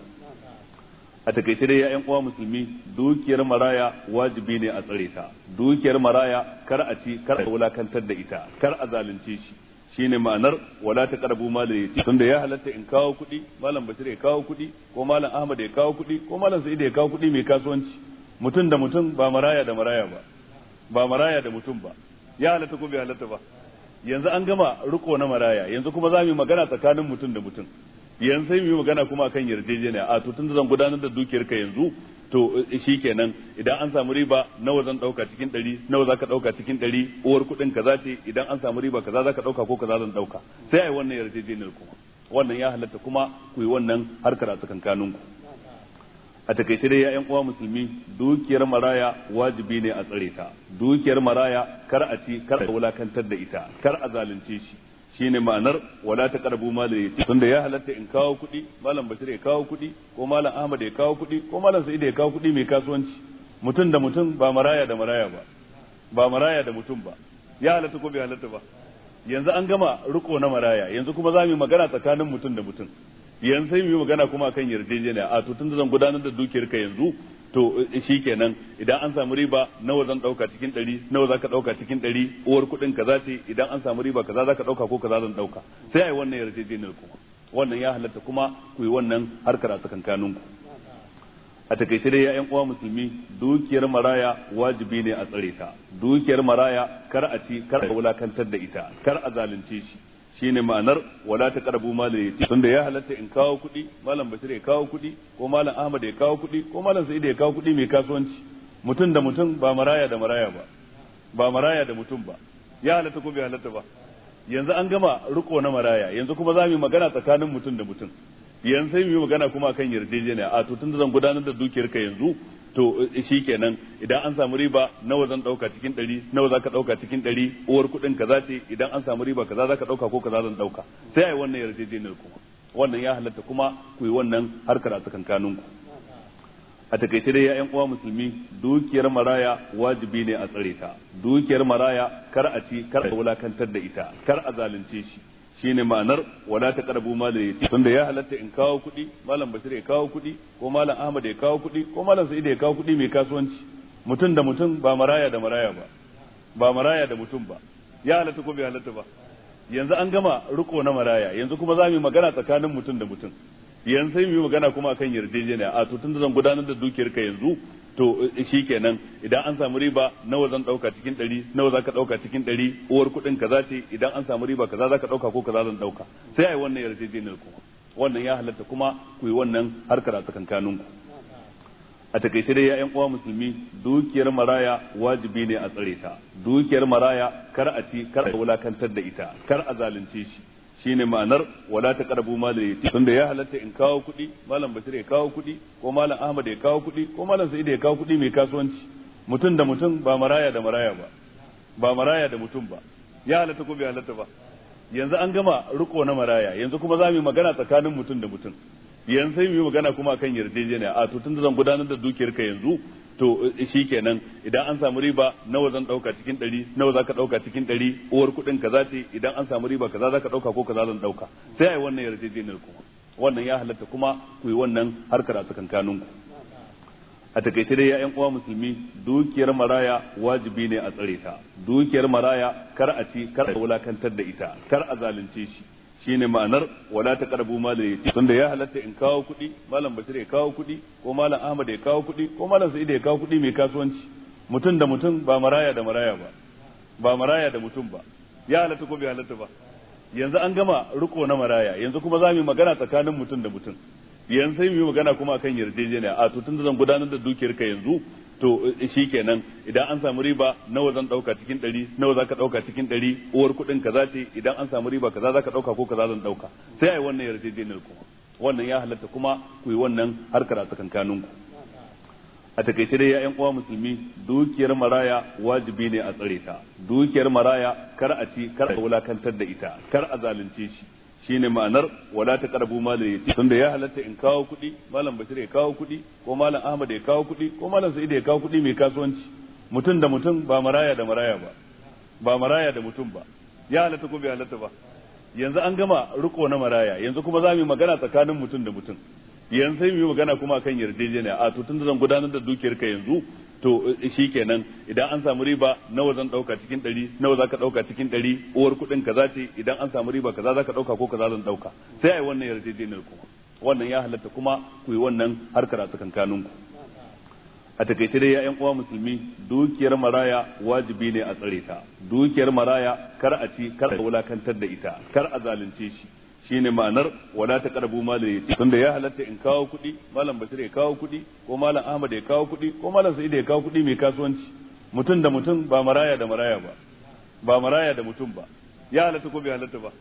a takaice dai ya'yan uwa musulmi dukiyar maraya wajibi ne a tsare ta dukiyar maraya kar a ci kar a wulakantar da ita kar a zalunce shi Shi ne ma'anar wala ta karabu malar yati tunda ya halatta in kawo kuɗi malam bashir ya kawo kuɗi ko malam ahmad ya kawo kuɗi ko malam sa'id ya kawo kuɗi mai kasuwanci mutum da mutum ba maraya da maraya ba ba maraya da mutum ba ya halatta ko bai halatta ba yanzu an gama riko na maraya yanzu kuma za mu yi magana tsakanin mutum da mutum yanzu sai mu yi magana kuma akan yarjejeniya a to tunda zan gudanar da dukiyarka yanzu to eh, shi kenan idan an samu riba nawa zan dauka cikin ɗari nawa zaka dauka cikin ɗari uwar kuɗin kaza ce idan an samu riba kaza zaka dauka ko kaza zan dauka sai ai wannan yarjejeniyar kuma wannan ya halatta kuma ku yi wannan harkar a tsakankanin ku a takaice dai ya'yan uwa musulmi dukiyar maraya wajibi ne a tsare ta dukiyar maraya kar a ci kar a wulakantar da ita kar a zalunce shi shine ma'anar wala taqrabu karbu yatim tunda ya halatta in kawo kuɗi malam Bashir ya kawo kuɗi ko malam Ahmad ya kawo kuɗi ko malam Sa'id ya kawo kuɗi mai kasuwanci mutum da mutum ba maraya da maraya ba ba maraya da mutum ba ya halatta ko bai halatta ba yanzu an gama riko na maraya yanzu kuma za mu yi magana tsakanin mutum da mutum yanzu sai mu yi magana kuma akan yarjejeniya a to tunda zan gudanar da dukiyar ka yanzu to eh, shi kenan idan an samu riba nawa zan dauka cikin ɗari nawa zaka dauka cikin ɗari uwar kuɗin kaza ce idan an samu riba kaza zaka dauka ko kaza zan dauka sai ai wannan yarjejeniyar kuma wannan ya halatta kuma ku yi wannan harkar a tsakankanin ku a takaice dai ya uwa musulmi dukiyar maraya wajibi ne a tsare ta dukiyar maraya kar a ci kar a wulakantar da ita kar a zalunce shi ne ma'anar wala ta karabu malin Tun tunda ya halatta in kawo kuɗi malam bashir ya kawo kuɗi ko malam ahmad ya kawo kuɗi ko malam sa'id ya kawo kuɗi mai kasuwanci mutum da mutum ba maraya da maraya ba ba maraya da mutum ba ya halatta ko bai halatta ba yanzu an gama riko na maraya yanzu kuma za mu yi magana tsakanin mutum da mutum yanzu sai mu yi magana kuma kan yarjejeniya a to tunda zan gudanar da dukiyarka yanzu to eh, shi kenan idan an samu riba nawa zan dauka cikin ɗari nawa za ka dauka cikin ɗari uwar kuɗin kaza ce idan an samu riba kaza za ka dauka ko kaza zan dauka sai a wannan yarjejeniyar kuma wannan ya halatta kuma ku yi wannan harkar a tsakankanin ku a takaice dai ya'yan uwa musulmi dukiyar maraya wajibi ne a tsare ta dukiyar maraya kar a ci kar a wulakantar da ita kar a zalunce shi shine ma'anar wala ta karabu malal yatim tunda ya halatta in kawo kuɗi malam bashir ya kawo kuɗi ko malam ahmad ya kawo kuɗi ko malam sa'id ya kawo kuɗi mai kasuwanci mutum da mutum ba maraya da maraya ba ba maraya da mutum ba ya halatta ko bai halatta ba yanzu an gama riko na maraya yanzu kuma za mu yi magana tsakanin mutum da mutum yanzu sai mu yi magana kuma akan yarjejeniya a to tunda zan gudanar da dukiyarka yanzu to eh, shi kenan idan an samu riba nawa zan dauka cikin ɗari nawa zaka dauka cikin ɗari uwar kuɗin kaza ce idan an samu riba kaza zaka dauka ko kaza zan dauka sai ai wannan yarjejeniyar ku wannan ya halatta kuma ku yi wannan harkar a tsakankanin ku a takaice dai ya'yan uwa musulmi dukiyar maraya wajibi ne a tsare ta dukiyar maraya kar a ci kar a wulakantar da ita kar a zalunce shi shine ma'anar wala ta karabu malal yati tunda ya halatta in kawo kuɗi malam bashir ya kawo kuɗi ko malam ahmad ya kawo kuɗi ko malam sa'id ya kawo kuɗi mai kasuwanci mutum da mutum ba maraya da maraya ba ba maraya da mutum ba ya halatta ko bai halatta ba yanzu an gama riko na maraya yanzu kuma za mu yi magana tsakanin mutum da mutum yanzu sai mu yi magana kuma akan yarjejeniya a to tun zan gudanar da dukiyar ka yanzu to eh, shi kenan idan an samu riba nawa zan dauka cikin ɗari nawa zaka dauka cikin ɗari uwar kuɗin kaza ce idan an samu riba kaza zaka dauka ko kaza zan dauka sai yi wannan yarjejeniyar kuma wannan ya halatta kuma ku yi wannan harkar a tsakankanin ku a takaice dai ya'yan uwa musulmi dukiyar maraya wajibi ne a tsare ta dukiyar maraya kar a ci kar a wulakantar da ita kar a zalunce shi shine ma'anar wala ta karbu malar yati tunda ya halatta in kawo kuɗi malam bashir ya kawo kuɗi ko malam ahmad ya kawo kuɗi ko malam sa'id ya kawo kuɗi mai kasuwanci mutum da mutum ba maraya da maraya ba ba maraya da mutum ba ya halatta ko bai halatta ba yanzu an gama riko na maraya yanzu kuma za mu magana tsakanin mutum da mutum yanzu sai mu yi magana kuma akan yarjejeniya a to tunda zan gudanar da dukiyar ka yanzu to eh, shi kenan idan an samu riba nawa zan dauka cikin ɗari nawa zaka dauka cikin ɗari uwar kuɗin kaza ce idan an samu riba kaza zaka dauka ko kaza zan dauka sai yi wannan yarjejeniyar kuma wannan ya halatta kuma ku yi wannan harkar a tsakankanin ku a takaice dai ya'yan uwa musulmi dukiyar maraya wajibi ne a tsare ta dukiyar maraya kar a ci kar a wulakantar da ita kar a zalunce shi Shi ne ma'anar wala ta karabu ya yatim tunda ya halatta in kawo kuɗi malam bashir ya kawo kuɗi ko malam ahmad ya kawo kuɗi ko malam sa'id ya kawo kuɗi mai kasuwanci mutum da mutum ba maraya da maraya ba ba maraya da mutum ba ya halatta ko bai halatta ba yanzu an gama riko na maraya yanzu kuma za mu yi magana tsakanin mutum da mutum yanzu sai mu yi magana kuma kan yarjejeniya a to tunda zan gudanar da dukiyar ka yanzu to eh, kenan idan an samu riba nawa zan dauka cikin dari nawa zaka dauka cikin dari uwar kuɗin kaza ce idan an samu riba kaza zaka dauka ko kaza zan dauka sai ai wannan yarjejeniyar kuma wannan ya halatta kuma ku yi wannan harkar a tsakankanin ku a takaice dai ya'yan uwa musulmi dukiyar maraya wajibi ne a tsare ta dukiyar maraya kar a ci kar a wulakantar da ita kar a zalunce shi Shi ne ma'anar wala ta karbu mal yatim tunda ya halatta in kawo kuɗi malam Basir ya kawo kuɗi ko malam ahmad ya kawo kuɗi ko malam sa'id ya kawo kuɗi mai kasuwanci mutum da mutum ba maraya da maraya ba ba maraya da mutum ba ya halatta ko bai halatta ba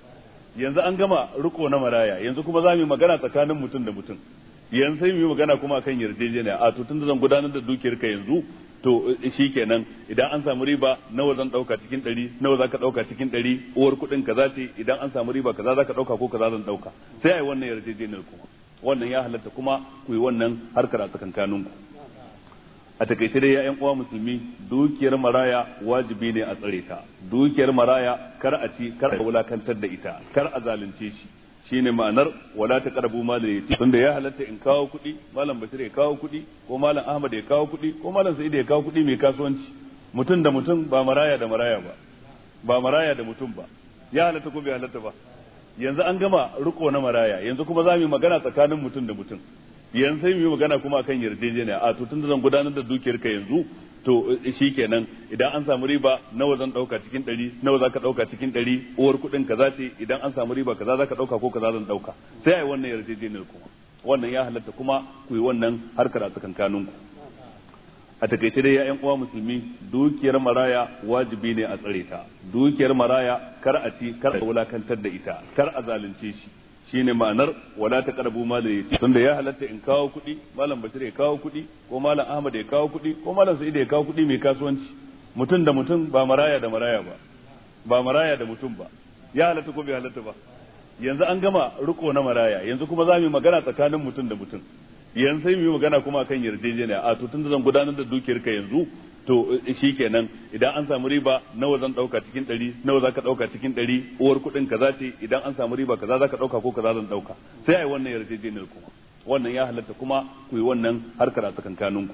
yanzu an gama riko na maraya yanzu kuma za mu yi magana tsakanin mutum da mutum yanzu sai mu yi magana kuma akan yarjejeniya a to tunda zan gudanar da dukiyar ka yanzu to eh, shi kenan idan an samu riba nawa zan dauka cikin ɗari nawa zaka ka dauka cikin ɗari uwar kuɗin kaza ce idan an samu riba kaza za ka dauka ko kaza zan dauka sai a wannan yarjejeniyar kuma wannan ya halatta kuma ku yi wannan harkar a tsakankanin ku a takaice dai ya'yan uwa musulmi dukiyar maraya wajibi ne a tsare ta dukiyar maraya kar a ci kar a wulakantar da ita kar a zalunce shi shine ma'anar wala ta karabu malin yati tunda ya halatta in kawo kuɗi malam bashir ya kawo kuɗi ko malam ahmad ya kawo kuɗi ko malam sa'id ya kawo kuɗi mai kasuwanci mutum da mutum ba maraya da maraya ba ba maraya da mutum ba ya halatta ko bai halatta ba yanzu an gama riko na maraya yanzu kuma za mu yi magana tsakanin mutum da mutum yanzu sai mu yi magana kuma akan yarjejeniya a to tun da zan gudanar da dukiyarka yanzu to eh, shi kenan idan an samu riba nawa zan dauka cikin ɗari nawa za ka dauka cikin ɗari uwar kuɗin kaza ce idan an samu riba kaza za ka dauka ko kaza zan dauka sai a yi wannan yarjejeniyar kuma wannan ya halatta kuma ku yi wannan harkar a ku. a takaice dai ya'yan uwa musulmi dukiyar maraya wajibi ne a tsare ta dukiyar maraya kar a ci kar a wulakantar da ita kar a zalunce shi shine ma'anar wala ta karabu malal Tun tunda ya halatta in kawo kuɗi malam bashir ya kawo kuɗi ko malam ahmad ya kawo kuɗi ko malam sa'id ya kawo kuɗi mai kasuwanci mutum da mutum ba maraya da maraya ba ba maraya da mutum ba ya halatta ko bai halatta ba yanzu an gama riko na maraya yanzu kuma za mu yi magana tsakanin mutum da mutum yanzu sai mu yi magana kuma akan yarjejeniya a to tun da zan gudanar da dukiyarka yanzu to eh, shi nan idan an samu riba nawa zan dauka cikin ɗari nawa zaka dauka cikin ɗari uwar kuɗin kaza ce idan an samu riba kaza zaka dauka ko kaza zan dauka sai yi wannan yarjejeniyar kuma wannan ya halatta kuma ku yi wannan harkar a tsakankanin ku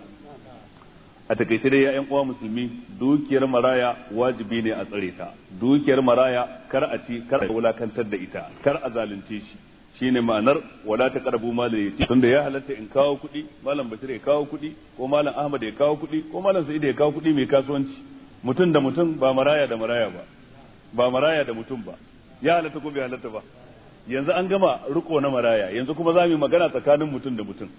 a takaice dai ya'yan uwa musulmi dukiyar maraya wajibi ne a tsare ta dukiyar maraya kar a ci kar a wulakantar da ita kar a zalunce shi Shi ne ma'anar wala ta karabu malal tun da ya halatta in kawo kuɗi malam bashir ya kawo kuɗi ko malam ahmad ya kawo kuɗi ko malam sa'id ya kawo kuɗi mai kasuwanci mutum da mutum ba maraya da maraya ba ba maraya da mutum ba ya halatta ko bai halatta ba yanzu an gama riko na maraya yanzu kuma za mu magana tsakanin mutum da mutum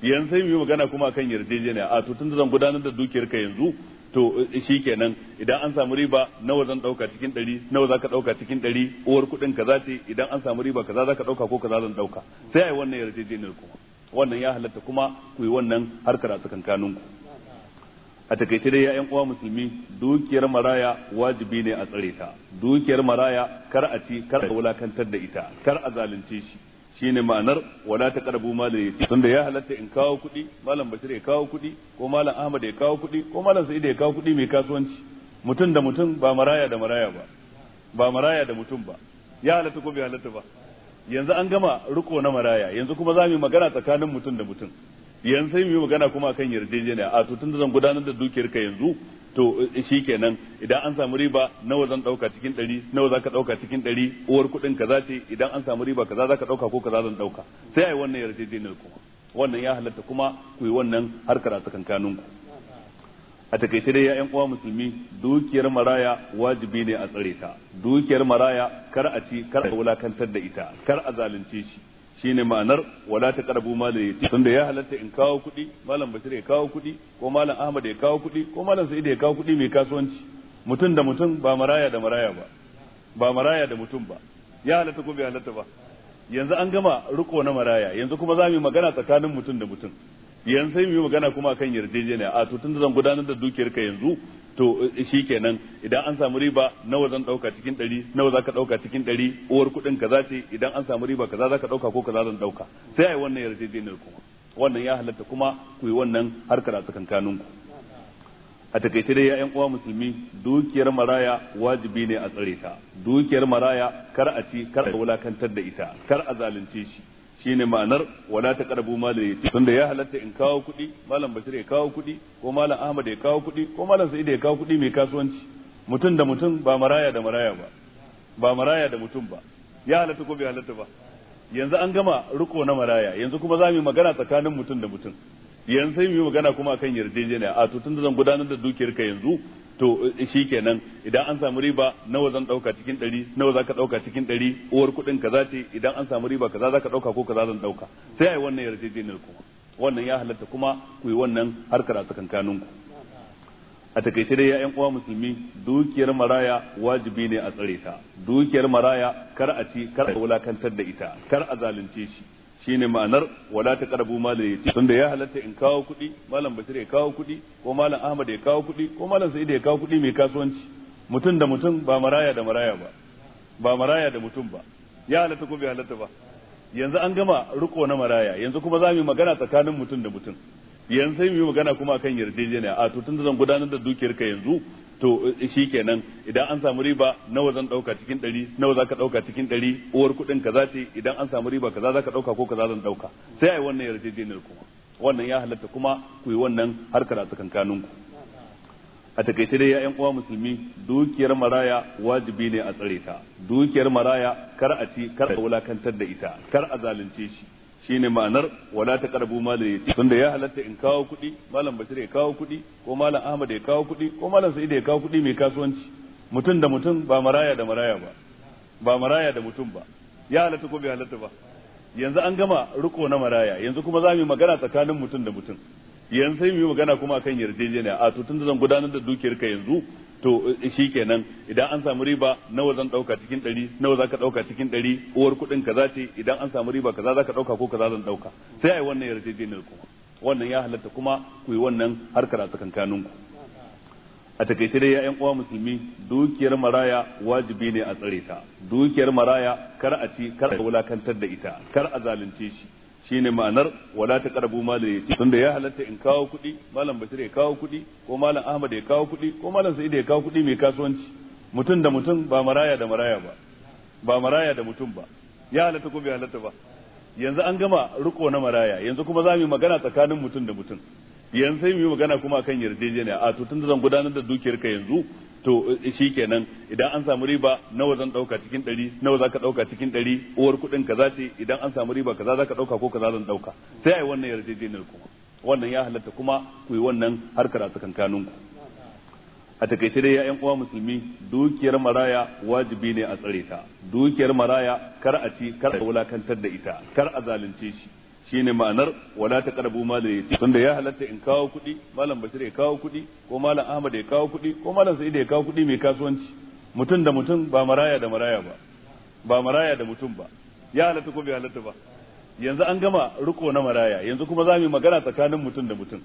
yanzu sai mu yi magana kuma akan yarjejeniya a to tun zan gudanar da dukiyar ka yanzu to eh, shi kenan idan an samu riba nawa zan dauka cikin ɗari nawa zaka dauka cikin ɗari uwar kuɗin za ce idan an samu riba kaza zaka dauka ko kaza zan dauka sai yi wannan yarjejeniyar kuma wannan ya halatta kuma ku yi wannan harkar a tsakankanin ku a takaice dai ya'yan uwa musulmi dukiyar maraya wajibi ne a tsare ta dukiyar maraya kar a ci kar a wulakantar da ita kar a zalunce shi shine ma'anar wala ta karbu malam yati tunda ya halatta in kawo kuɗi malam bashir ya kawo kuɗi ko malam ahmad ya kawo kuɗi ko malam sa'id ya kawo kuɗi mai kasuwanci mutum da mutum ba maraya da maraya ba ba maraya da mutum ba ya halatta ko bai halatta ba yanzu an gama riko na maraya yanzu kuma za mu yi magana tsakanin mutum da mutum yanzu sai mu yi magana kuma akan yarjejeniya a to tunda zan gudanar da dukiyar ka yanzu to eh, shi nan idan an samu riba nawa zan dauka cikin ɗari nawa zaka dauka cikin ɗari uwar kuɗin kaza ce idan an samu riba kaza zaka dauka ko kaza zan dauka sai yi wannan yarjejeniyar kuma wannan ya halatta kuma ku yi wannan harkar a tsakankanin ku a takaice dai ya'yan uwa musulmi dukiyar maraya wajibi ne a tsare ta dukiyar maraya kar a ci kar a wulakantar da ita kar a zalunce shi shine ma'anar wala ta karabu malal yatim tunda ya halatta in kawo kuɗi malam bashir ya kawo kuɗi ko malam ahmad ya kawo kuɗi ko malam sa'id ya kawo kuɗi mai kasuwanci mutum da mutum ba maraya da maraya ba ba maraya da mutum ba ya halatta ko bai halatta ba yanzu an gama riko na maraya yanzu kuma za mu yi magana tsakanin mutum da mutum yanzu sai mu yi magana kuma akan yarjejeniya a to tunda zan gudanar da dukiyar ka yanzu to eh, shi kenan idan an samu riba nawa zan dauka cikin ɗari nawa zaka dauka cikin ɗari uwar kuɗin kaza ce idan an samu riba kaza zaka dauka ko kaza zan dauka sai ai wannan yarjejeniyar kuma wannan ya halatta kuma ku yi wannan harkar a tsakankanin ku a takaice dai ya uwa musulmi dukiyar maraya wajibi ne a tsare ta dukiyar maraya kar a ci kar a wulakantar da ita kar a zalunce shi shine ma'anar wala ta karabu malin yatim tunda ya halatta in kawo kuɗi malam bashir ya kawo kuɗi ko malam ahmad ya kawo kuɗi ko malam sa'id ya kawo kuɗi mai kasuwanci mutum da mutum ba maraya da maraya ba ba maraya da mutum ba ya halatta ko bai halatta ba yanzu an gama riko na maraya yanzu kuma za mu yi magana tsakanin mutum da mutum yanzu sai mu yi magana kuma akan yarjejeniya a to tunda zan gudanar da dukiyar ka yanzu to eh, kenan idan an samu riba nawa zan dauka cikin ɗari nawa zaka dauka cikin ɗari uwar kuɗin kaza ce idan an samu riba kaza zaka dauka ko kaza zan dauka sai yi wannan yarjejeniyar kuma wannan ya halatta kuma ku yi wannan harkar a tsakankanin ku a takaice dai ya'yan uwa musulmi dukiyar maraya wajibi ne a tsare ta dukiyar maraya kar a ci kar a wulakantar da ita kar a zalunce shi shine ma'anar wala ta karabu malin yatim tunda ya halatta in kawo kuɗi malam bashir ya kawo kuɗi ko malam ahmad ya kawo kuɗi ko malam sa'id ya kawo kuɗi mai kasuwanci mutum da mutum ba maraya da maraya ba ba maraya da mutum ba ya halatta ko bai halatta ba yanzu an gama riko na maraya yanzu kuma za mu yi magana tsakanin mutum da mutum yanzu sai mu yi magana kuma akan yarjejeniya a to tun zan gudanar da dukiyarka yanzu to eh, shi kenan idan an samu riba nawa zan dauka cikin ɗari nawa zaka dauka cikin ɗari uwar kuɗin kaza ce idan an samu riba kaza zaka dauka ko kaza zan dauka sai ai wannan yarjejeniyar kuma wannan ya halatta kuma ku yi wannan harkar a tsakankanin ku a takaice dai ya'yan uwa musulmi dukiyar maraya wajibi ne a tsare ta dukiyar maraya kar a ci kar a wulakantar da ita kar a zalunce shi shine ma'anar wala ta karbu malal yati tunda ya halatta in kawo kuɗi malam bashir ya kawo kuɗi ko malam ahmad ya kawo kuɗi ko malam sa'id ya kawo kuɗi mai kasuwanci mutum da mutum ba maraya da maraya ba ba maraya da mutum ba ya halatta ko bai halatta ba yanzu an gama riko na maraya yanzu kuma za mu yi magana tsakanin mutum da mutum yanzu sai mu yi magana kuma akan yarjejeniya a to tun zan gudanar da dukiyar ka yanzu to eh, shi kenan idan an samu riba nawa zan dauka cikin ɗari nawa zaka ka dauka cikin ɗari uwar kuɗin kaza ce idan an samu riba kaza za ka dauka ko kaza zan dauka sai a yi wannan yarjejeniyar kuma wannan ya halatta kuma ku yi wannan harkar a tsakankanin ku a takaice dai ya'yan uwa musulmi dukiyar maraya wajibi ne a tsare ta dukiyar maraya kar a ci kar a wulakantar da ita kar a zalunce shi Shi ne ma'anar wala ta karabu malal yati tunda ya halatta in kawo kuɗi malam bashir ya kawo kuɗi ko malam ahmad ya kawo kuɗi ko malam sa'id ya kawo kuɗi mai kasuwanci mutum da mutum ba maraya da maraya ba ba maraya da mutum ba ya halatta ko bai halatta ba yanzu an gama riko na maraya yanzu kuma za mu yi magana tsakanin mutum da mutum yanzu sai mu yi magana kuma akan yarjejeniya a to tunda zan gudanar da dukiyar ka yanzu to eh, kenan idan an samu riba nawa zan dauka cikin dari nawa zaka dauka cikin ɗari uwar kuɗin kaza ce idan an samu riba kaza zaka dauka ko kaza zan dauka sai ai wannan yarjejeniyar kuma wannan ya halatta kuma ku yi wannan harkar a tsakankanin ku a takaice dai ya'yan uwa musulmi dukiyar maraya wajibi ne a tsare ta dukiyar maraya kar a ci kar a wulakantar da ita kar a zalunce shi shine ma'anar wala ta taqrabu malin yatim tunda ya halatta in kawo kuɗi malam Bashir ya kawo kuɗi ko malam Ahmad ya kawo kuɗi ko malam Sa'id ya kawo kuɗi mai kasuwanci mutum da mutum ba maraya da maraya ba ba maraya da mutum ba ya halatta ko bai halatta ba yanzu an gama riko na maraya yanzu kuma za mu yi magana tsakanin mutum da mutum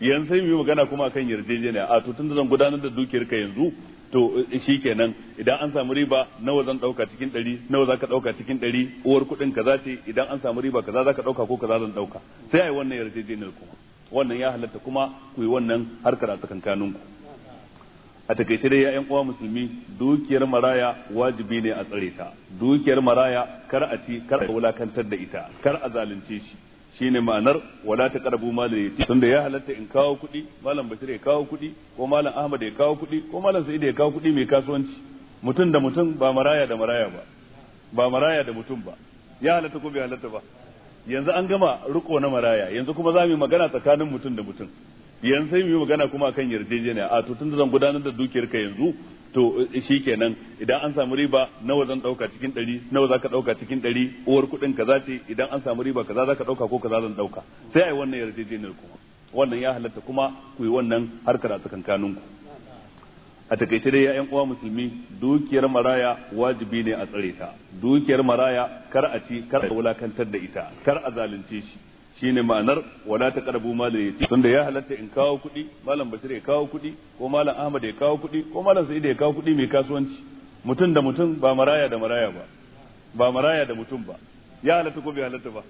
yanzu sai mu yi magana kuma akan yarjejeniya a to tunda zan gudanar da dukiyar ka yanzu to eh, kenan idan an samu riba nawa zan dauka cikin ɗari nawa zaka dauka cikin ɗari uwar kuɗin kaza ce idan an samu riba kaza zaka dauka ko kaza zan dauka sai ai wannan yarjejeniyar kuma wannan ya halatta kuma ku yi wannan harkar a tsakankanin ku a takaice dai ya'yan uwa musulmi dukiyar maraya wajibi ne a tsare ta dukiyar maraya kar a ci kar a wulakantar da ita kar a zalunce shi shine ma'anar wala ta taqrabu mal yatim tunda ya halatta in kawo kuɗi malam bashir ya kawo kuɗi ko malam ahmad ya kawo kuɗi ko malam sa'id ya kawo kuɗi mai kasuwanci mutum da mutum ba maraya da maraya ba ba maraya da mutum ba ya halatta ko bai halatta ba yanzu an gama riko na maraya yanzu kuma za mu yi magana tsakanin mutum da mutum yanzu sai mu yi magana kuma akan yarjejeniya a to tunda zan gudanar da dukiyar ka yanzu to eh, shi kenan idan an samu riba nawa zan dauka cikin ɗari nawa za ka dauka cikin ɗari uwar kuɗin kaza ce idan an samu riba kaza za ka dauka ko kaza zan dauka sai ai wannan yarjejeniyar kuma wannan ya halatta kuma ku yi wannan harkar a tsakankanin ku a takaice dai ya'yan uwa musulmi dukiyar maraya wajibi ne a tsare ta dukiyar maraya kar a ci kar a wulakantar da ita kar a zalunce shi shine ma'anar wala ta karbu malin yati tunda ya halatta in kawo kuɗi malam bashir ya kawo kuɗi ko malam ahmad ya kawo kuɗi ko malam sa'id ya kawo kuɗi mai kasuwanci mutum da mutum ba maraya da maraya ba ba maraya da mutum ba ya halatta ko bai halatta ba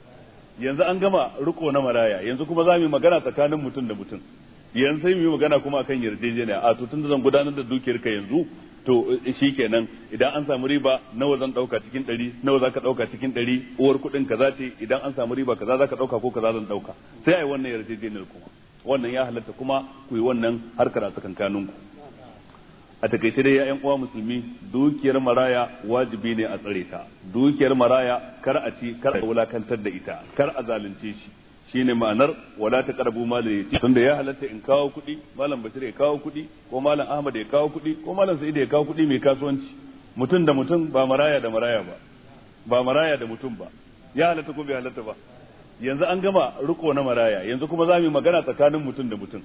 yanzu an gama riko na maraya yanzu kuma za mu yi magana tsakanin mutum da mutum yanzu sai mu yi magana kuma akan yarjejeniya a to da zan gudanar da dukiyar ka yanzu to eh, shi kenan idan an samu riba nawa zan dauka cikin ɗari nawa za ka dauka cikin ɗari uwar kuɗin kaza ce idan an samu riba kaza za ka dauka ko kaza zan dauka sai yi wannan yarjejeniyar kuma wannan ya halatta kuma ku yi wannan harkar a tsakankanin ku a takaice dai ya'yan uwa musulmi dukiyar maraya wajibi ne a tsare ta dukiyar maraya kar a ci kar a wulakantar da ita kar a zalunce shi shine ma'anar wala ta karabu malin tun tunda ya halatta in kawo kuɗi malam bashir ya kawo kuɗi ko malam ahmad ya kawo kuɗi ko malam sa'id ya kawo kuɗi mai kasuwanci mutum da mutum ba maraya da maraya ba ba maraya da mutum ba ya halatta ko bai halatta ba yanzu an gama riko na maraya yanzu kuma za mu yi magana tsakanin mutum da mutum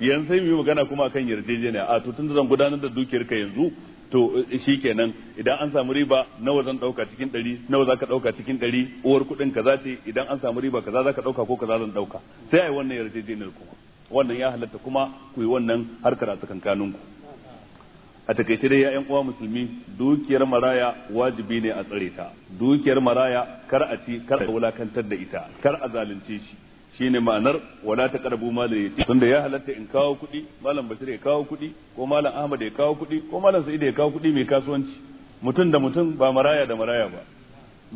yanzu sai mu yi magana kuma akan yarjejeniya a to tun da zan gudanar da dukiyar ka yanzu to eh, shi kenan idan an samu riba nawa zan dauka cikin ɗari nawa zaka dauka cikin ɗari uwar kuɗin kaza ce idan an samu riba kaza zaka dauka ko kaza zan dauka sai ai wannan yarjejeniyar ku wannan ya halatta kuma ku yi wannan harkar a tsakankanin ku a takaice dai ya'yan uwa musulmi dukiyar maraya wajibi ne a tsare ta dukiyar maraya kar a ci kar a wulakantar da ita kar a zalunce shi shine ma'anar wala ta karabu malin yati tunda ya halatta in kawo kuɗi malam bashir ya kawo kuɗi ko malam ahmad ya kawo kuɗi ko malam sa'id ya kawo kuɗi mai kasuwanci mutum da mutum ba maraya da maraya ba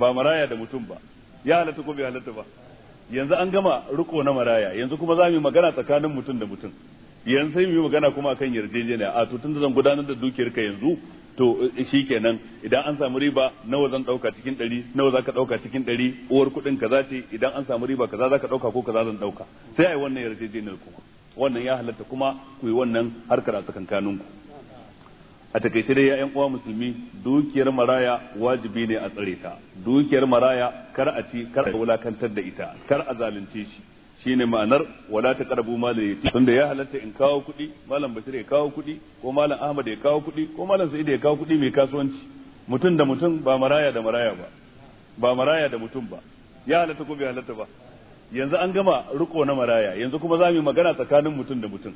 ba maraya da mutum ba ya halatta ko bai halatta ba yanzu an gama riko na maraya yanzu kuma za mu yi magana tsakanin mutum da mutum yanzu sai mu yi magana kuma akan yarjejeniya a to tun da zan gudanar da dukiyar ka yanzu to eh, shi kenan idan an samu riba nawa zan dauka cikin ɗari nawa zaka dauka cikin ɗari uwar kuɗin kaza ce idan an samu riba kaza ka dauka ko kaza zan dauka sai yi wannan yarjejeniyar kuma wannan ya halatta kuma ku yi wannan harkar a tsakankanin ku a takaice dai ya'yan uwa musulmi dukiyar maraya wajibi ne a tsare ta dukiyar maraya kar a ci kar a wulakantar da ita kar a zalunce shi Shi ne ma'anar wala ta karabu malam yati tunda ya halatta in kawo kuɗi malam bashir ya kawo kuɗi ko malam ahmad ya kawo kuɗi ko malam sa'id ya kawo kuɗi mai kasuwanci mutum da mutum ba maraya da maraya ba ba maraya da mutum ba ya halatta ko bai halatta ba yanzu an gama riko na maraya yanzu kuma za mu yi magana tsakanin mutum da mutum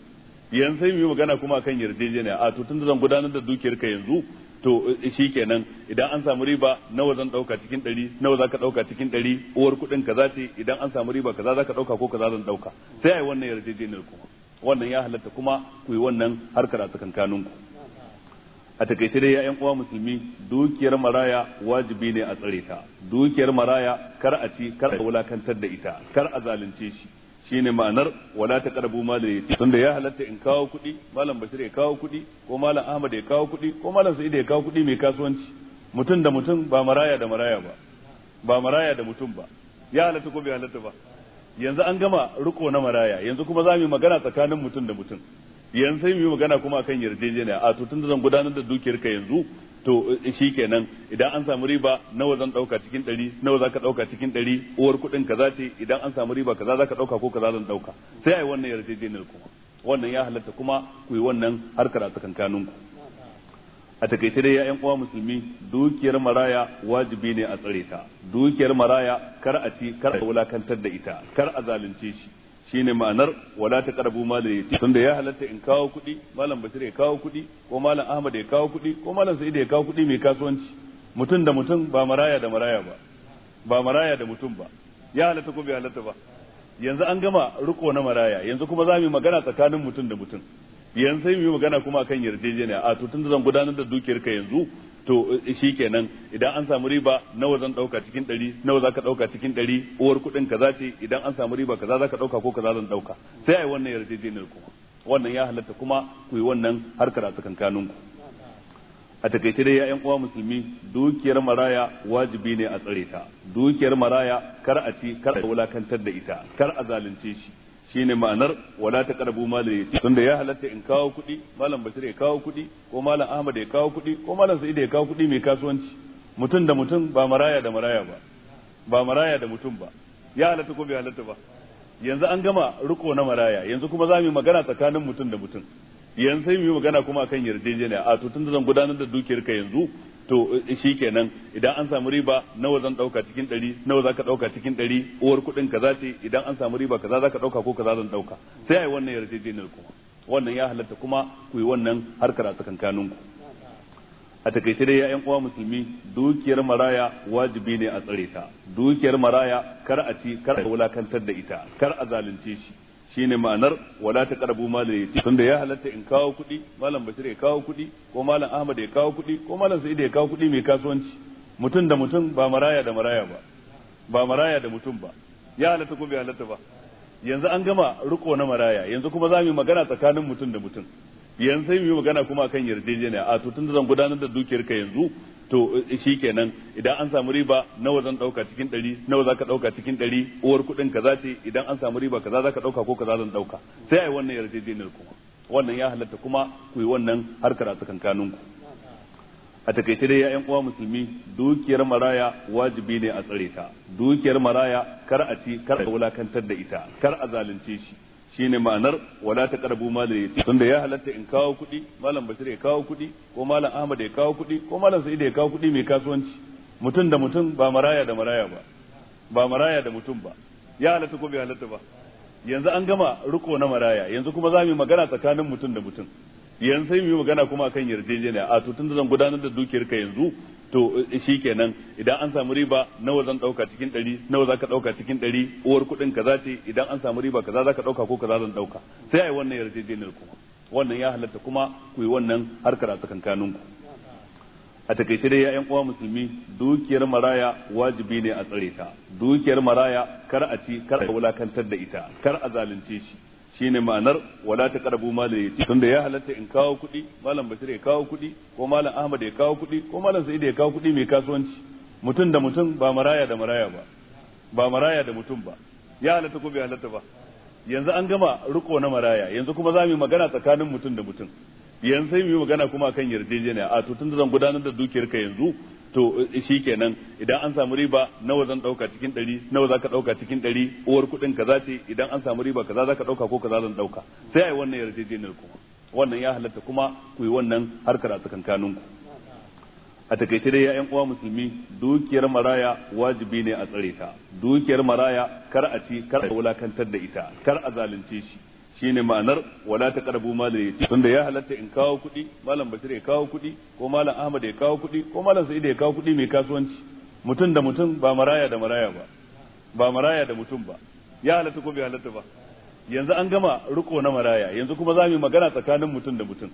yanzu sai mu yi magana kuma akan yarjejeniya a to tunda zan gudanar da dukiyarka yanzu to eh, nan idan an samu riba nawa zan dauka cikin ɗari nawa zaka dauka cikin ɗari uwar kuɗin kaza ce idan an samu riba kaza ka dauka ko kaza zan dauka sai ai wannan yarjejeniyar kuma wannan ya halatta kuma ku yi wannan harkar a tsakankanin ku a takaice dai ya'yan uwa musulmi dukiyar maraya wajibi ne a tsare ta dukiyar maraya kar a ci kar a wulakantar da ita kar a zalunce shi shine ma'anar wala ta karbu mal yatim tunda ya halatta in kawo kuɗi malam bashir ya kawo kuɗi ko malam ahmad ya kawo kuɗi ko malam sa'id ya kawo kuɗi mai kasuwanci mutum da mutum ba maraya da maraya ba ba maraya da mutum ba ya halatta ko bai halatta ba yanzu an gama riko na maraya yanzu kuma za mu yi magana tsakanin mutum da mutum yanzu sai mu yi magana kuma kan yarjejeniya a to tunda zan gudanar da dukiyar ka yanzu to eh, shi kenan idan an samu riba nawa zan dauka cikin dari nawa za dauka cikin dari uwar kuɗin kaza ce idan an samu riba kaza za dauka ko kaza zan dauka sai ai wannan yarjejeniyar kuma wannan ya halatta kuma ku yi wannan harkar a tsakankanin ku a takaice dai ya uwa musulmi dukiyar maraya wajibi ne a tsare ta dukiyar maraya kar a ci kar a wulakantar da ita kar a zalunce shi ne ma'anar wala ta karabu malin yati tunda ya halatta in kawo kuɗi malam basir ya kawo kuɗi ko malam ahmad ya kawo kuɗi ko malam sa'id ya kawo kuɗi mai kasuwanci mutum da mutum ba maraya da maraya ba ba maraya da mutum ba ya halatta ko bai halatta ba yanzu an gama riko na maraya yanzu kuma za mu yi magana tsakanin mutum da mutum yanzu sai mu yi magana kuma akan yarjejeniya a to da zan gudanar da dukiyarka yanzu to eh, shi kenan idan an samu riba nawa zan dauka cikin ɗari nawa za ka dauka cikin ɗari uwar kuɗin kaza ce idan an samu riba kaza za ka dauka ko kaza zan dauka sai a yi wannan yarjejeniyar kuma wannan ya halatta kuma ku yi wannan harkar a tsakankanin ku a takaice dai ya'yan uwa musulmi dukiyar maraya wajibi ne a tsare ta dukiyar maraya kar a ci kar a wulakantar da ita kar a zalunce shi shine ma'anar wala ta karbu malin yati tunda ya halatta in kawo kuɗi malam bashir ya kawo kuɗi ko malam ahmad ya kawo kuɗi ko malam sa'id ya kawo kuɗi mai kasuwanci mutum da mutum ba maraya da maraya ba ba maraya da mutum ba ya halatta ko bai halatta ba yanzu an gama riko na maraya yanzu kuma za mu yi magana tsakanin mutum da mutum yanzu sai mu yi magana kuma akan yarjejeniya a to tun da zan gudanar da dukiyar ka yanzu to eh, shi kenan idan an samu riba nawa zan dauka cikin ɗari nawa zaka ɗauka dauka cikin ɗari uwar kuɗin kaza ce idan an samu riba kaza zaka dauka ko kaza zan dauka sai ai wannan yarjejeniyar kuma wannan ya halatta kuma ku yi wannan harkar a ku a takaice dai ya'yan uwa musulmi dukiyar maraya wajibi ne a tsare ta dukiyar maraya kar a ci kar a wulakantar da ita kar a zalunce shi shine ma'anar wala ta karabu malin yati tunda ya halatta in kawo kuɗi malam bashir ya kawo kuɗi ko malam ahmad ya kawo kuɗi ko malam sa'id ya kawo kuɗi mai kasuwanci mutum da mutum ba maraya da maraya ba ba maraya da mutum ba ya halatta ko bai halatta ba yanzu an gama riko na maraya yanzu kuma za mu yi magana tsakanin mutum da mutum yanzu sai mu yi magana kuma akan yarjejeniya a to tun zan gudanar da dukiyar ka yanzu to eh, kenan idan an samu riba nawa zan dauka cikin dari nawa zaka dauka cikin dari uwar kuɗin kaza ce idan an samu riba kaza zaka dauka ko kaza zan dauka sai ai wannan yarjejeniyar ku wannan ya halatta kuma ku yi wannan harkar a tsakankanin ku a takaice dai ya'yan uwa musulmi dukiyar maraya wajibi ne a tsare ta dukiyar maraya kar a ci kar a wulakantar da ita kar a zalunce shi shine ma'anar wala ta karabu malal yati tunda ya halatta in kawo kuɗi malam bashir ya kawo kuɗi ko malam ahmad ya kawo kuɗi ko malam sa'id ya kawo kuɗi mai kasuwanci mutum da mutum ba maraya da maraya ba ba maraya da mutum ba ya halatta ko bai halatta ba yanzu an gama riko na maraya yanzu kuma za mu yi magana tsakanin mutum da mutum yanzu sai mu yi magana kuma akan yarjejeniya a to tunda zan gudanar da dukiyar ka yanzu to eh, shi nan idan an samu riba nawa zan dauka cikin ɗari nawa zaka ɗauka cikin ɗari uwar kuɗin kaza ce idan an samu riba kaza zaka dauka ko kaza zan dauka sai ai wannan yarjejeniyar kuma wannan ya halatta kuma ku yi wannan harkar a tsakankanin ku a takaice dai ya'yan uwa musulmi dukiyar maraya wajibi ne a tsare ta dukiyar maraya kar a ci kar a wulakantar da ita kar a zalunce shi Shi ne ma'anar wala ta karabu mal yatim tunda ya halatta in kawo kuɗi malam bashir ya kawo kuɗi ko malam ahmad ya kawo kuɗi ko malam sa'id ya kawo kuɗi mai kasuwanci mutum da mutum ba maraya da maraya ba ba maraya da mutum ba ya halatta ko bai halatta ba yanzu an gama riko na maraya yanzu kuma za mu yi magana tsakanin mutum da mutum yanzu sai mu yi magana kuma akan yarjejeniya a to tunda zan gudanar da dukiyar ka yanzu to eh, kenan idan an samu riba nawa zan dauka cikin ɗari nawa zaka dauka cikin ɗari uwar kuɗin kaza ce idan an samu riba kaza zaka dauka ko kaza zan dauka sai yi wannan yarjejeniyar kuma wannan ya halatta kuma ku yi wannan harkar a tsakankaninku ku a takaice dai ya'yan uwa musulmi dukiyar maraya wajibi ne a tsare ta dukiyar maraya kar a ci kar a wulakantar da ita kar a zalunce shi shine ma'anar wala ta taqrabu mal yatim tunda ya halatta in kawo kuɗi malam bashir ya kawo kuɗi ko malam ahmad ya kawo kuɗi ko malam sa'id ya kawo kuɗi mai kasuwanci mutum da mutum ba maraya da maraya ba ba maraya da mutum ba ya halatta ko bai halatta ba yanzu an gama riko na maraya yanzu kuma za mu yi magana tsakanin mutum da mutum